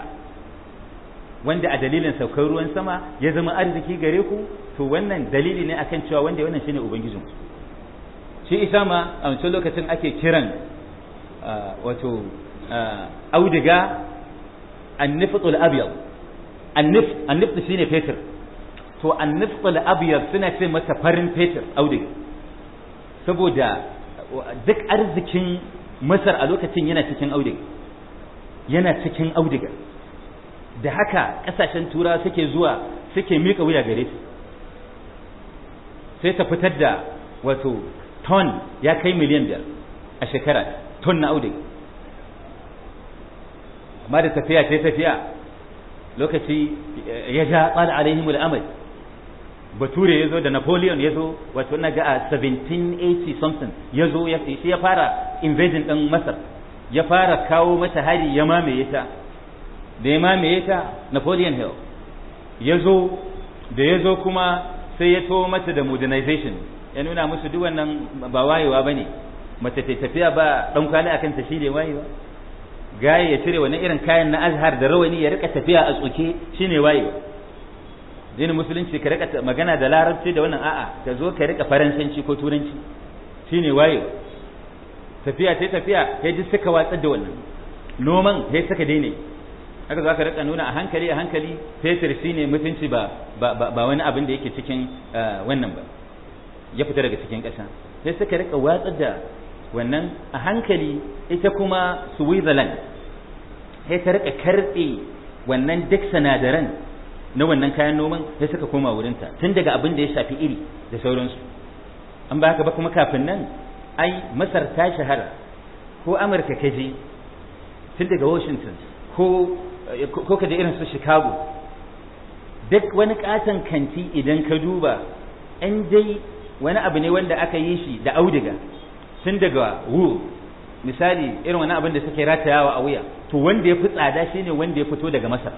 Speaker 1: wanda a dalilin saukar ruwan sama ya zama arziki gare ku to wannan dalili ne akan cewa wanda wannan shine ubangijinku shi isa ma a wancan lokacin ake kiran wato audiga annifatul abyad annif annif shine fetur to annifatul abyad suna ce mata farin fetur audiga saboda duk arzikin masar a lokacin yana cikin audiga yana cikin audiga da haka kasashen tura suke zuwa suke miƙa wuya gare su sai ta fitar da wato ton ya kai miliyan biyar a shekara tun na auduga amma da tafiya ce tafiya lokaci eh, ya ja tsada rahimul amal bature ya zo da napoleon ya zo wato na ga a 1780 something ya zo shi ya fara invasion ɗin masar ya fara kawo mata hari ya mamaye ta da ya mamaye ta napoleon hill ya zo da ya zo kuma sai ya to mata da modernization ya nuna musu duk wannan ba wayewa ba ne mace ta tafiya ba dan kwana akan ta shine wayi ba gaye ya cire wani irin kayan na azhar da rawani ya rika tafiya a tsoke shine wayi ba dinin musulunci ka rika magana da larabci da wannan a'a ka zo ka rika faransanci ko turanci shine wayi tafiya sai tafiya sai ji suka watsar da wannan noman sai suka daina haka za ka rika nuna a hankali a hankali fetur shine mutunci ba ba wani abin da yake cikin eh, wannan ba ya fita daga cikin ƙasa sai suka rika watsar da wannan a hankali ita kuma switzerland sai ta rika karɓe wannan duk sanadaran na wannan kayan noman sai suka koma wurinta tun daga abin da ya shafi iri da sauransu an ba haka ba kuma kafin nan ai masar ta shahara ko amurka ka je tun daga washington ko ka je irin su chicago duk wani katon kanti idan ka duba an dai wani abu ne wanda aka yi shi da auduga. sun daga wu misali irin wani abin da suke ratayawa a wuya to wanda ya fi tsada shine wanda ya fito daga masar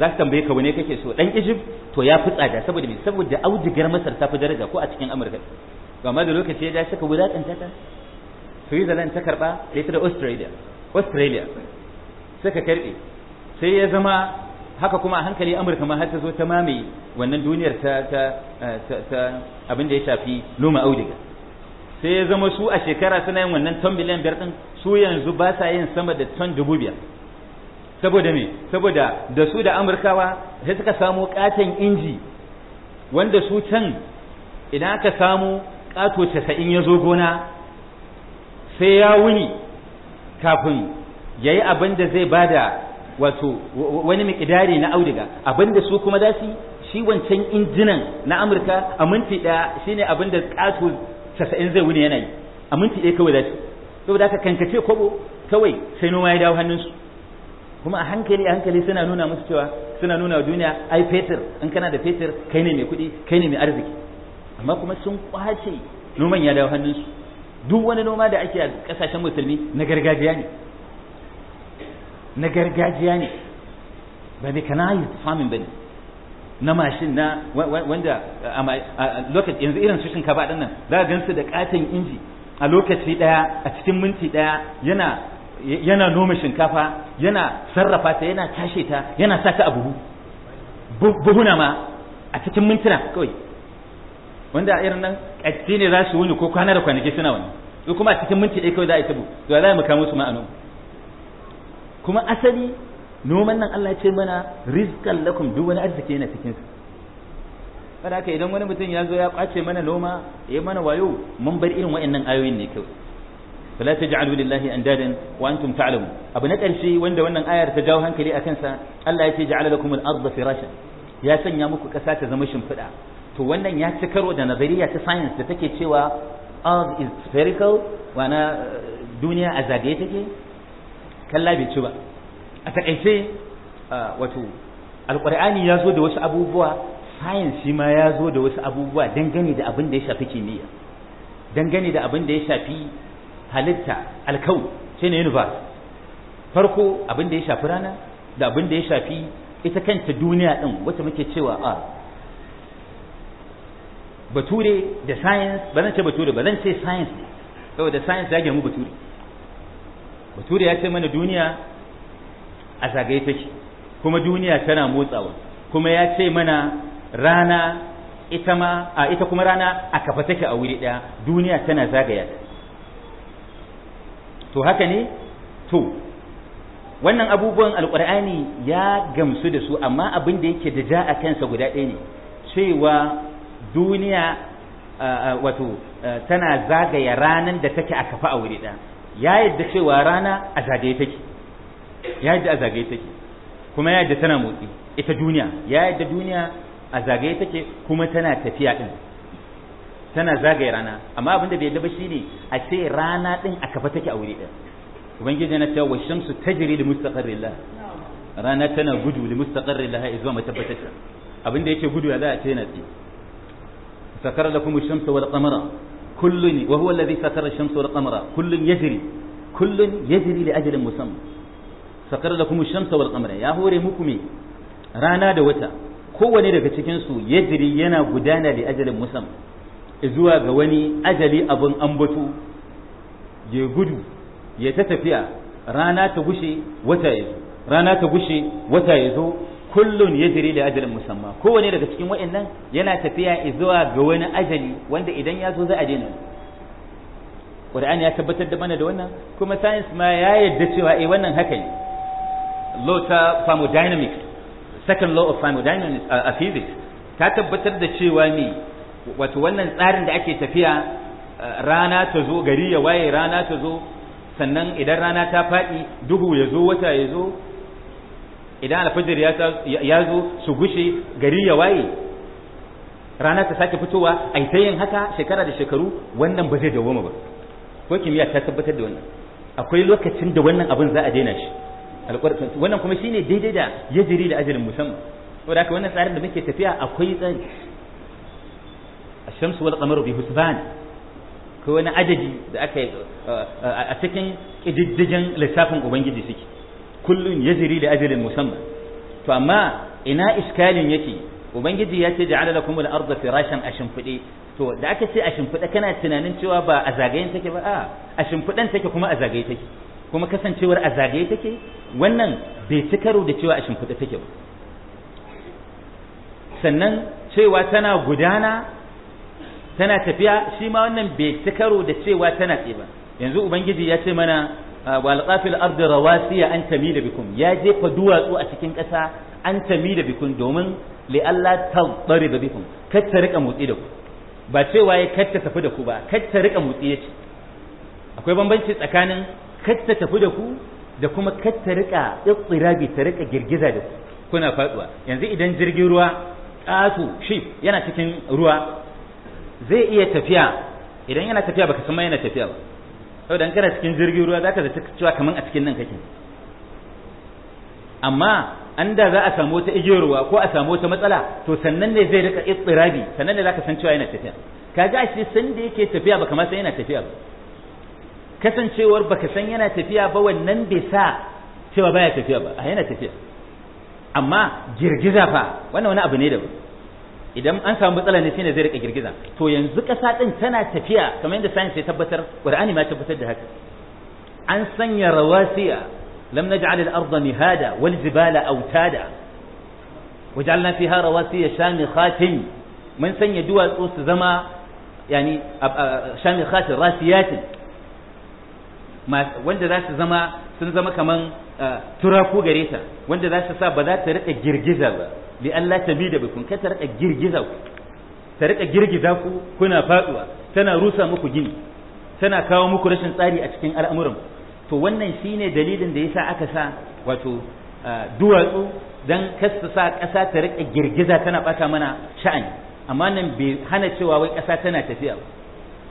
Speaker 1: za su tambaye ka wane kake so dan ijib to ya fi tsada saboda me saboda audigar masar ta fi daraja ko a cikin amurka amma da lokaci ya ja guda kanta ta switzerland ta karba da ita da australia australia suka karbe sai ya zama haka kuma a hankali amurka ma har ta zo ta mamaye wannan duniyar ta ta eh, abin da ya shafi noma audiga sai ya zama su a shekara suna yin wannan ton miliyan biyar ɗin su yanzu ba sa yin sama da ton dubu biyar saboda me saboda da su da amurkawa sai suka samu katon inji wanda su can idan aka samu kato casa'in ya zo gona sai ya wuni kafin ya yi abin da zai ba da wato wani mikidari na auduga abin da su kuma za su shi wancan injinan na amurka a minti ɗaya shine abin da ƙato casa'in zai wuni yanayi a minti ɗaya kawai za su saboda aka kankace kwabo kawai sai noma ya dawo hannunsu kuma a hankali a hankali suna nuna musu cewa suna nuna wa duniya ai fetur in kana da fetur kai ne mai kuɗi kai ne mai arziki amma kuma sun kwace noman ya dawo hannunsu duk wani noma da ake a ƙasashen musulmi na gargajiya ne na gargajiya ne ba yi famin ba ne na mashin na wanda lokaci yanzu irin su shinkafa din nan za ka gansu da katon inji a lokaci daya a cikin minti daya yana yana noma shinkafa yana sarrafa ta yana tashe ta yana sa ta a buhu buhuna ma a cikin mintuna kawai wanda irin nan ƙarfi ne za su wuni ko kwana da kwanaki suna wani su kuma a cikin minti ɗaya kawai za a yi tabu to za mu kamo su ma'anu kuma asali noman nan Allah ya ce mana rizqan lakum duk wani arziki yana cikin sa kada idan wani mutum ya zo ya kwace mana noma ya mana wayo mun bar irin wayannan ayoyin ne kawai fala taj'alu lillahi andadan wa antum ta'lamun abu na karshe wanda wannan ayar ta jawo hankali a kansa Allah ya ce ja'ala lakum al-ardha firashan ya sanya muku kasa ta zama shimfiɗa to wannan ya ci karo da nazariya ta science da take cewa earth is spherical na duniya a zagaye take kalla bai ci ba a takaice wato alkur'ani ya zo da wasu abubuwa sayansi ma ya zo da wasu abubuwa dangane da abin da ya shafi kimiyya dangane da abin da ya shafi halitta alkau shi ne universe farko abin da ya shafi rana da abin da ya shafi ita kanta duniya din wacce muke cewa a bature da science ba zan ce bature ba zan ce science ne saboda science ya girma bature bature ya ce mana duniya a zagaye ta take kuma duniya tana motsawa kuma ya ce mana rana ita ma a ita kuma rana a kafa take a wuri ɗaya duniya tana zagaya to haka ne to wannan abubuwan alkur'ani ya gamsu da su amma abin da yake da ja a kansa guda ɗaya ne cewa duniya wato tana zagaya ranan da take a kafa a wuri ɗaya ya yadda cewa rana a zagaye take ya yadda a zagaye take kuma ya yadda tana motsi ita duniya ya yadda duniya a zagaye take kuma tana tafiya din tana zagaye rana amma abin da bai yadda ba shine a ce rana din a kafa take a wuri din ubangiji yana cewa wa ta tajri da mustaqarrin la rana tana gudu li mustaqarrin la zuwa matabbatarta abin da yake gudu ya za a ce yana tsi sakara da kuma shamsu wal qamara kullun wa huwa alladhi sakara shamsu wal kullun yajri kullun yajri li ajalin sakar da kuma shamsa wal kamar ya hore muku me rana da wata kowane daga cikin su jiri yana gudana da ajalin musam zuwa ga wani ajali abin ambato ya gudu ya ta tafiya rana ta gushe wata ya zo rana ta gushe wata ya zo kullun jiri da ajalin musamma kowane daga cikin wa'annan yana tafiya zuwa ga wani ajali wanda idan ya zo za a daina Qur'ani ya tabbatar da mana da wannan kuma science ma ya yarda cewa eh wannan haka ne law ta thermodynamics second law of thermodynamics a uh, uh, physics ta tabbatar da cewa ne wato wannan tsarin da ake tafiya uh, rana ta zo gari ya waye rana ta zo sannan idan rana ta faɗi duhu ya zo wata ya zo idan alfajir ya zo su gushe gari ya waye rana ta sake fitowa a ta yin haka shekara da shekaru wannan ba zai dawoma ba ko kimiyya ta tabbatar da wannan akwai lokacin da wannan abin za a daina shi alƙur'ani wannan kuma shine daidai da ya yajiri da ajalin musamman saboda haka wannan tsarin da muke tafiya akwai tsari ash-shamsu wal qamaru bi husban ko wani adadi da aka yi a cikin kididdigen lissafin ubangiji suke kullum ya yajiri da ajalin musamman to amma ina iskalin yake ubangiji ya ce ja'ala lakum al-ardha firashan ashin shimfiɗe to da aka ce a shimfiɗe kana tunanin cewa ba a zagayen take ba a a shimfiɗen take kuma a zagaye take kuma kasancewar a zagaye take wannan bai ci karo da cewa a shimfiɗa take ba sannan cewa tana gudana tana tafiya shi ma wannan bai ci karo da cewa tana tsaye ba yanzu ubangiji ya ce mana ah, walqafil ardi rawasiya an tamida bikum ya jefa duwatsu a cikin ƙasa an tamida bikum domin li Allah tadriba bikum kar ta rika motsi da ku ba cewa ya kar ta tafi da ku ba kar ta rika motsi ce akwai bambanci tsakanin ta tafi da ku da kuma ta rika itsirabi ta rika girgiza da ku kuna faduwa yanzu idan jirgin ruwa ƙato shi yana cikin ruwa zai iya tafiya idan yana tafiya baka san ma yana tafiya ba saboda kana cikin jirgin ruwa zaka zata cewa kaman a cikin nan kake amma an da za a samu wata igiyar ruwa ko a samu wata matsala to sannan ne zai rika itsirabi sannan ne zaka san cewa yana tafiya kaga shi san da yake tafiya baka ma san yana tafiya ba kasancewar baka san yana tafiya ba wannan bai sa cewa baya tafiya ba a yana tafiya amma girgiza fa wannan wani abu ne daban idan an samu matsala ne shine zai rika girgiza to yanzu kasa din tana tafiya kamar yadda science ya tabbatar qur'ani ma tabbatar da haka an sanya rawasiya lam naj'al al-ardha nihada wal jibala awtada waj'alna fiha rawasiya shamikhatin mun sanya duwatsu su zama yani shamikhatin rasiyatin wanda za su zama sun zama kamar uh, turaku gare ta wanda za su sa ba za ta rika girgiza ba bi Allah ta bi da bikun kai ta rika girgiza ku ta rika girgiza ku kuna faduwa tana rusa muku gini tana kawo muku rashin tsari a cikin al'amuran to wannan shine dalilin da yasa aka sa wato uh, duwatsu dan kasta sa ƙasa ta rika girgiza tana ɓata mana sha'ani amma nan bai hana cewa wai ƙasa tana tafiya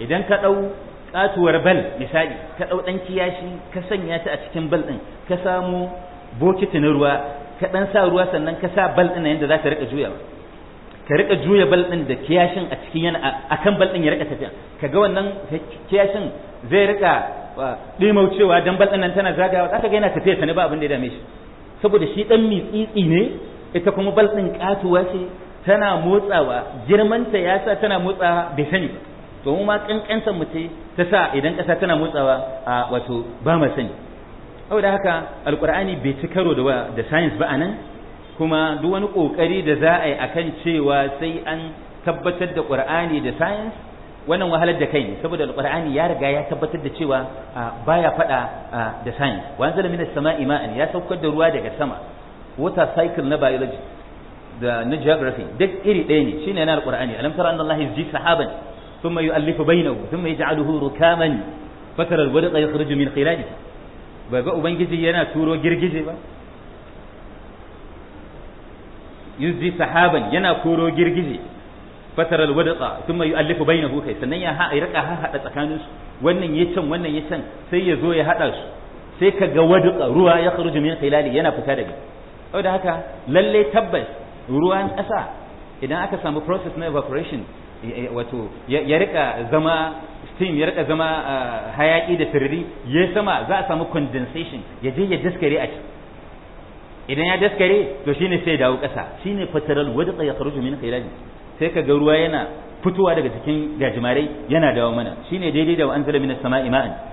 Speaker 1: idan ka ɗau. katuwar bal misali ka ɗau ɗan kiyashi ka sanya ta a cikin bal ɗin ka samo bokiti na ruwa ka ɗan sa ruwa sannan ka sa bal ɗin yadda za ta riƙa juyawa ka riƙa juya bal ɗin da kiyashin a cikin yana a kan bal ɗin ya riƙa tafiya ka ga wannan kiyashin zai riƙa ɗimaucewa don bal ɗin nan tana zagawa za ka ga yana tafiya ta ne ba abin da ya dame shi saboda shi ɗan mitsitsi ne ita kuma bal ɗin ƙatuwa ce tana motsawa girmanta ya sa tana motsawa bai sani ba to ma kankantar mu ce ta sa idan ƙasa tana motsawa a wato ba mu sani da haka alkur'ani bai ci karo da da science ba nan. kuma duk wani ƙoƙari da za a yi a kan cewa sai an tabbatar da ƙur'ani da science wannan wahalar da kai ne saboda alqur'ani ya riga ya tabbatar da cewa baya faɗa da science wa anzala minas ya saukar da ruwa daga sama water cycle na biology da na geography duk iri ɗaya ne shine na alqur'ani alam tara anna allaha yuzji sahaban ثم يؤلف بينه ثم يجعله ركاما فترى الودق يخرج من خلاله ba ga ubangiji yana turo girgije ba yuzzi sahaban yana koro girgije fataral wadaqa thumma yu'allifu bainahu kai sannan ya ha rika ha hada tsakanin su wannan ya can wannan ya can sai ya zo ya haɗa su sai kaga ga ruwa ya kharuju min khilali yana fita daga saboda haka lallai tabbas ruwan kasa idan aka samu process na evaporation wato ya rika zama steam ya rika zama ah, hayaki da sirri ya sama za a samu condensation ya je ya daskare a ciki idan ya daskare to shi ne sai dawo ƙasa shine fataral wadqa yakhruju min khilaji sai ka ga ruwa yana fitowa daga cikin gajimare yana dawo mana shi ne daidai da anzala minas sama'i ma'an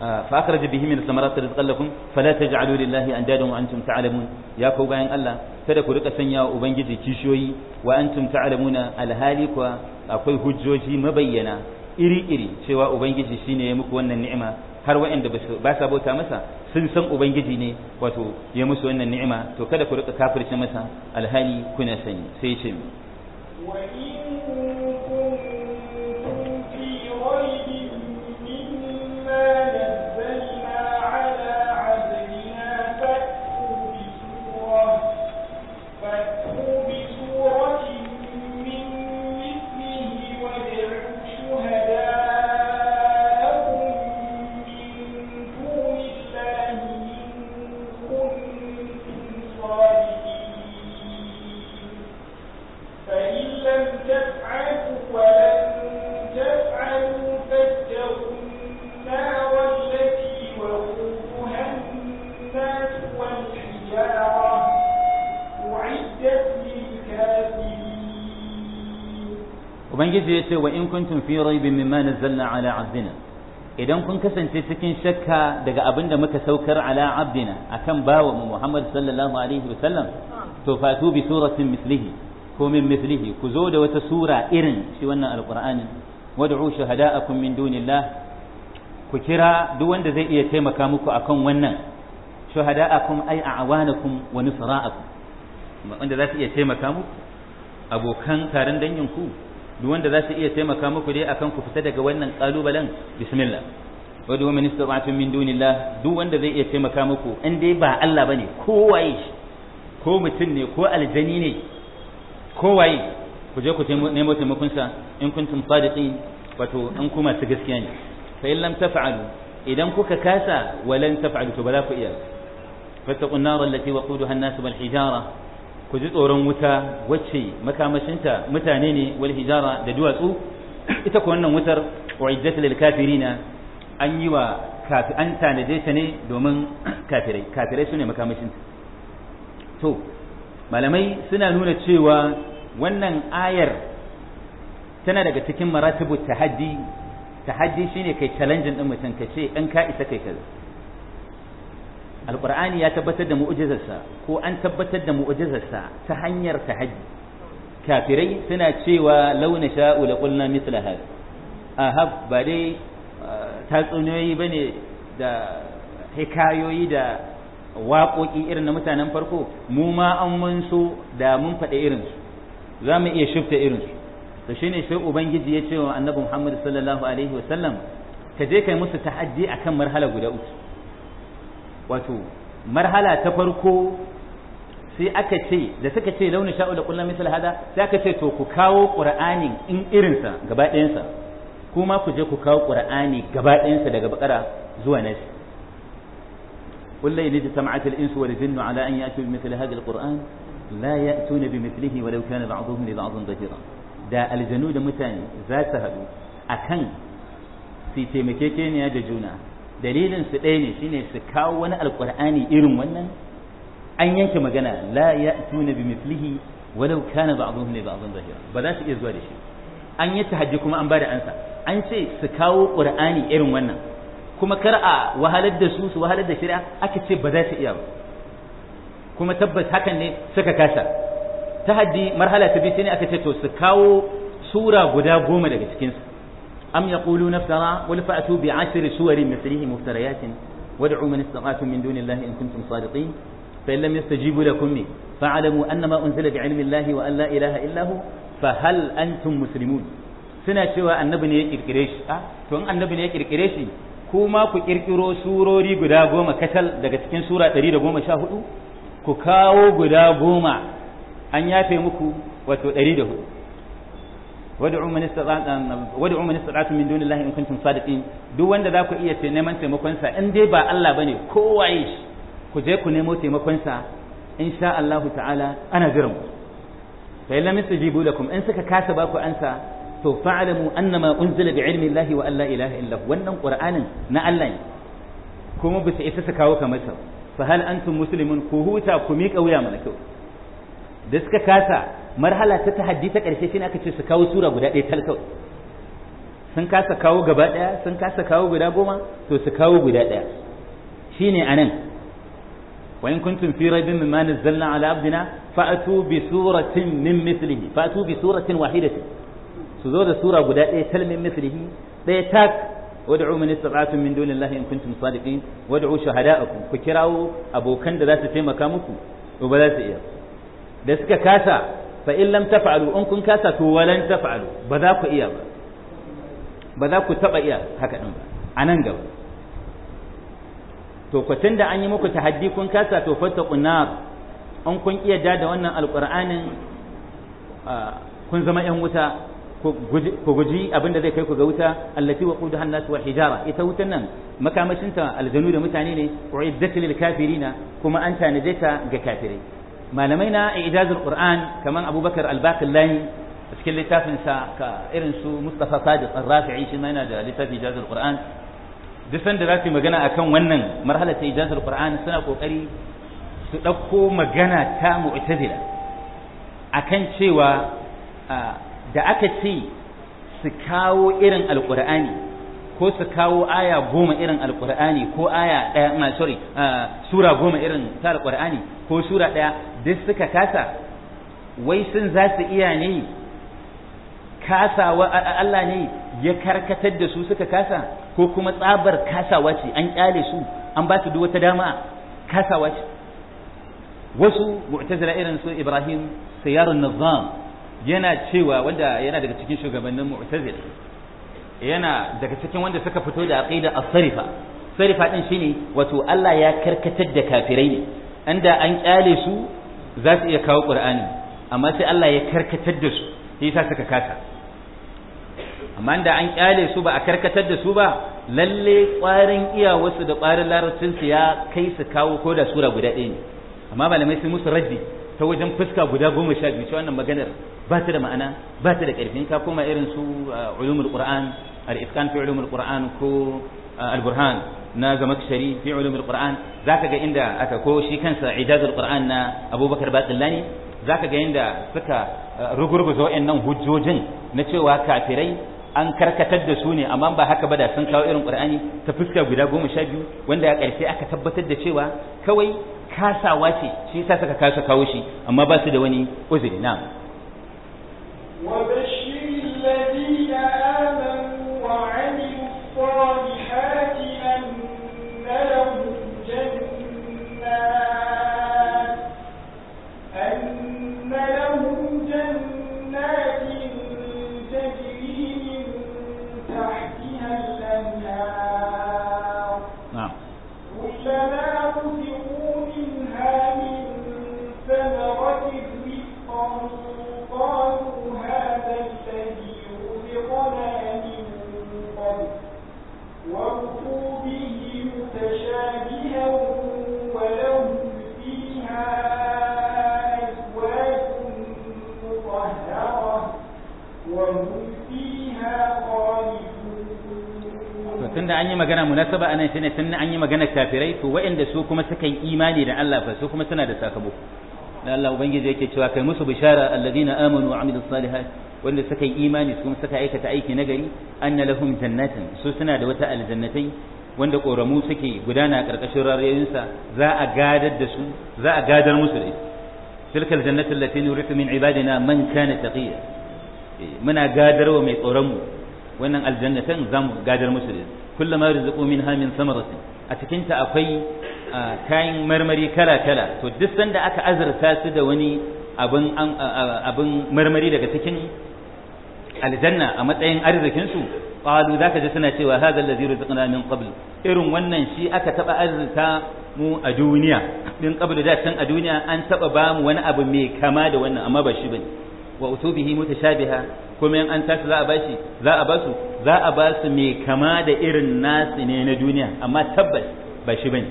Speaker 1: فأخرج به من الثمرات رزقا لكم فلا تجعلوا لله أندادا وأنتم تعلمون يا كوباين الله kada ku rika sanya wa ubangiji kishiyoyi wa antum ta'lamuna alhali kuwa akwai hujjoji mabayyana iri-iri cewa ubangiji shine ya muku wannan ni'ima har waɗanda ba sa bauta masa sun san ubangiji ne wato ya musu wannan ni'ima to kada ku rika kafirce masa alhali kuna sani sai ce wa ce wa in kuntum fi raibin mimma nazzalna ala abdina idan kun kasance cikin shakka daga abin da muka saukar ala abdina akan bawa mu Muhammad sallallahu alaihi wasallam to fatu bi suratin mislihi ko min mislihi ku zo da wata sura irin shi wannan wad'u shuhada'akum min dunillah ku kira duk wanda zai iya taimaka muku akan wannan shuhada'akum a'wanakum wa nusra'akum wanda za su iya taimaka muku abokan taron dangin ku duk wanda za su iya taimaka muku dai akan ku fita daga wannan kalubalen bismillah wa duk min min dunillah duk wanda zai iya taimaka muku in dai ba Allah bane waye ko mutum ne ko aljani ne kowaye ku je ku nemo taimakon sa in kuntum sadiqin wato in kuma su gaskiya ne fa in lam taf'alu idan kuka kasa walan taf'alu to ba za ku iya fattaqun nar allati waquduha an-nas wal hijara ku ji tsoron wuta wacce makamashinta mutane ne wal hijara da duwatsu ita ko wannan wutar uiddat kafirina an yi wa kafi an tanade ta ne domin kafirai kafirai sune makamashinta to malamai suna nuna cewa wannan ayar tana daga cikin maratibu tahaddi tahaddi shine kai challenge din mutum ka ce in ka isa kai kaza alqur'ani ya tabbatar da mu'jizarsa ko an tabbatar da mu'jizarsa ta hanyar ta hajji kafirai suna cewa launa sha'u la qulna mithla hada ahab ba dai ah, tatsuniyoyi bane da hikayoyi da waƙoƙi irin na mutanen farko mu ma an mun so da mun faɗa su za mu iya shifta irinsu to shine sai ubangiji ya ce wa annabi Muhammad sallallahu alaihi wasallam ka je kai musu tahaddi akan marhala guda uku wato marhala ta farko sai aka ce da suka ce launin sha'ul da kullum misal hada sai aka ce to ku kawo qur'anin in irinsa gaba ɗayansa kuma ku je ku kawo qur'ani gaba ɗayansa daga bakara zuwa nas kullay lidi sam'at al ins wal jinn ala an yatu bi mithli hadha al qur'an la ya'tuna bi mithlihi walau kana ba'dhum li ba'dhin dhahira da aljanu da mutane za ta hadu akan su ya da juna dalilin su ɗaya ne shine su kawo wani alqur'ani irin wannan an yanke magana la ya tuna ya'tuna bimithlihi walau kana ba'dhum li ba'dhin zahira ba za su iya zuwa da shi an yi tahajji kuma an bada ansa an ce su kawo qur'ani irin wannan kuma kar a wahalar da su su wahalar da shari'a aka ce ba za su iya ba kuma tabbas hakan ne suka kasa tahaddi marhala ta biyu sai ne aka ce to su kawo sura guda goma daga cikinsu أم يقولون افترى قل فأتوا بعشر سور مثله مفتريات وادعوا من استطعتم من دون الله إن كنتم صادقين فإن لم يستجيبوا لكم فاعلموا أنما أنزل بعلم الله وأن لا إله إلا هو فهل أنتم مسلمون suna cewa annabi ne ya kirkire shi a to in annabi ne ya kirkire shi kuma ku kirkiro surori guda goma katal daga cikin sura ɗari da goma sha hudu ku kawo guda goma an yafe muku wato ɗari da hudu wad'u man istata'tum min man istata'tum in kuntum sadiqin duk wanda za ku iya neman taimakon sa in dai ba Allah bane kowaye shi ku je ku nemo taimakon sa insha Allah ta'ala ana jiran ku fa illa mistajibu lakum in suka kasa ba ku ansa to fa'lamu annama unzila bi ilmi Allah wa alla ilaha illa wannan qur'anin na Allah ne kuma bisa isa su kawo kamar sa fa hal antum muslimun ku huta ku miƙa wuya mana kyau da suka kasa marhala ta tahaddi ta ƙarshe shine aka ce su kawo sura guda ɗaya talkau sun kasa kawo gaba ɗaya sun kasa kawo guda goma to su kawo guda ɗaya shine anan wa in kuntum fi raibin mimma nazzalna ala abdina fa'atu bi suratin min mithlihi fa'atu bi suratin wahidatin su zo da sura guda ɗaya tal min mithlihi ɗaya tak wad'u min istata'tum min dunillahi in kuntum sadiqin wad'u shuhada'akum ku kirawo abokan da za su taimaka muku to ba za su iya da suka kasa fa in lam taf'alu in kun kasa to walan taf'alu ba za ku iya ba ba za ku taɓa iya haka ɗin ba a nan gaba to kwatin da an yi muku tahaddi kun kasa to fattaqun nar in kun iya da wannan alƙur'anin. kun zama yan wuta ku guji abin da zai kai ku ga wuta allati wa qudaha an wa hijara ita wutan nan makamashinta aljanu da mutane ne uiddat lil kafirina kuma an tanaje ta ga kafirai malamai na ijazul qur'an kaman abubakar al a cikin littafin sa ka irin su mustafa sadiq ar-rafi'i shi ma yana da littafi ijazul qur'an duk sanda za su magana akan wannan marhalar ta ijazul qur'an suna ƙoƙari su ɗauko magana ta mu'tazila akan cewa da aka ce su kawo irin alqur'ani ko su kawo aya goma irin alkur'ani ko aya ɗaya na sorry uh, sura goma irin ta alkur'ani ko sura ɗaya duk suka kasa wai sun za su iya ne kasawa Allah ne ya karkatar da su suka kasa ko kuma tsabar kasawa ce an kyale su an ba su duk wata dama kasawa ce wasu mu'tazila irin su Ibrahim sayarun nizam yana cewa wanda yana daga cikin shugabannin mu'tazila yana daga cikin wanda suka fito da aqida as-sarifa sarifa din shine wato Allah ya karkatar da kafirai ne inda an kyale su za su iya kawo qur'ani amma sai Allah ya karkatar da su sai yasa suka kasa amma inda an kyale su ba a karkatar da su ba lalle kwarin iya wasu da kwarin larabcin su ya kai su kawo ko da sura guda ɗaya ne amma malamai sun musu raddi ta wajen fuska guda goma sha biyu wannan maganar ba ta da ma'ana ba ta da ƙarfi ka koma irin su uh, ulumul qur'an al-itqan fi ulumul qur'an ko uh, al-burhan na zamakshari fi ulumul qur'an zaka ga inda aka ko shi kansa ijazul qur'an na abubakar batillani zaka ga inda suka uh, rugurguza wayannan hujjojin na cewa kafirai an karkatar da su ne amma ba haka ba da sun kawo irin qur'ani ta fuska guda goma sha biyu wanda a ƙarshe aka tabbatar da cewa kawai kasawa ce shi yasa suka kasa kawo shi amma ba su da wani uzuri na
Speaker 2: wa tunda an yi
Speaker 1: magana munasaba anan shine tunda an yi magana kafirai to waɗanda su kuma suka yi imani da Allah fa su kuma suna da sakamako da Allah ubangiji yake cewa kai musu bishara alladina amanu wa amilus salihat wanda suka yi imani su kuma suka aikata aiki nagari anna lahum jannatin su suna da wata aljannatai wanda koramu suke gudana karkashin rariyoyinsa za a gadar da su za a gadar musu da ita tilka aljannatu allati nurithu min ibadina man kana taqiya eh, muna gadarwa mai tsoron mu wannan aljannatan zamu gadar musu da kullama rizqu minha min su a cikinta akwai kayan marmari kala kala to duk sanda aka azurta su da wani abin marmari daga cikin aljanna a matsayin arzikin su qalu zaka ji suna cewa hadha allazi rizqna min qabl irin wannan shi aka taba azurta mu a duniya din qabl da can a duniya an taba bamu mu wani abu mai kama da wannan amma ba shi bane wa utubihi mutashabiha kuma in an tashi za a bashi za a basu za a basu mai kama da irin nasu ne na duniya amma tabbas ba shi bane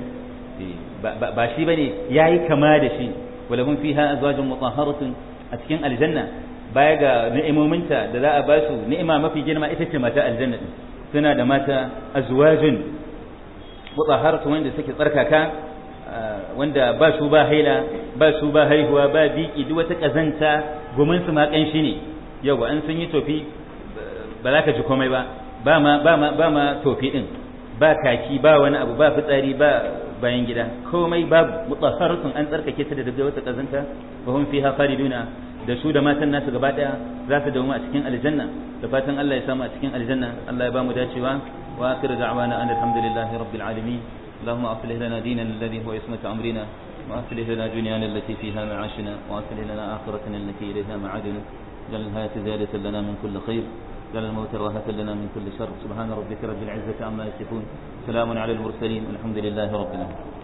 Speaker 1: eh, ba shi bane yayi kama da shi wala hum fiha azwajun mutahharatun a cikin aljanna baya ga ni'imominta da za a basu ni'ima mafi girma ita ce mata aljanna din suna da mata azwajun mutahharatun wanda suke tsarkaka ah, wanda ba su ba haila ba su ba haihuwa ba biki duk wata kazanta gumin su ma kanshi ne yawa an sun yi tofi ba za ka ji komai ba ba ma ba ma ba ma tofi din ba kaki ba wani abu ba fitsari ba bayan gida komai ba mutahharatun an tsarkake ta da daga wata kazanta wa hum fiha khaliduna da su da matan nasu gaba daya za su dawo a cikin aljanna da fatan Allah ya samu a cikin aljanna Allah ya ba mu dacewa wa akhir da'wana an alhamdulillahi rabbil alamin اللهم اصلح لنا ديننا الذي هو عصمة امرنا واصلح لنا دنيانا التي فيها معاشنا واصلح لنا اخرتنا التي اليها معادنا جعل الهاية زيادة لنا من كل خير جعل الموت راهة لنا من كل شر سبحان ربك رب العزة عما يصفون سلام على المرسلين والحمد لله رب العالمين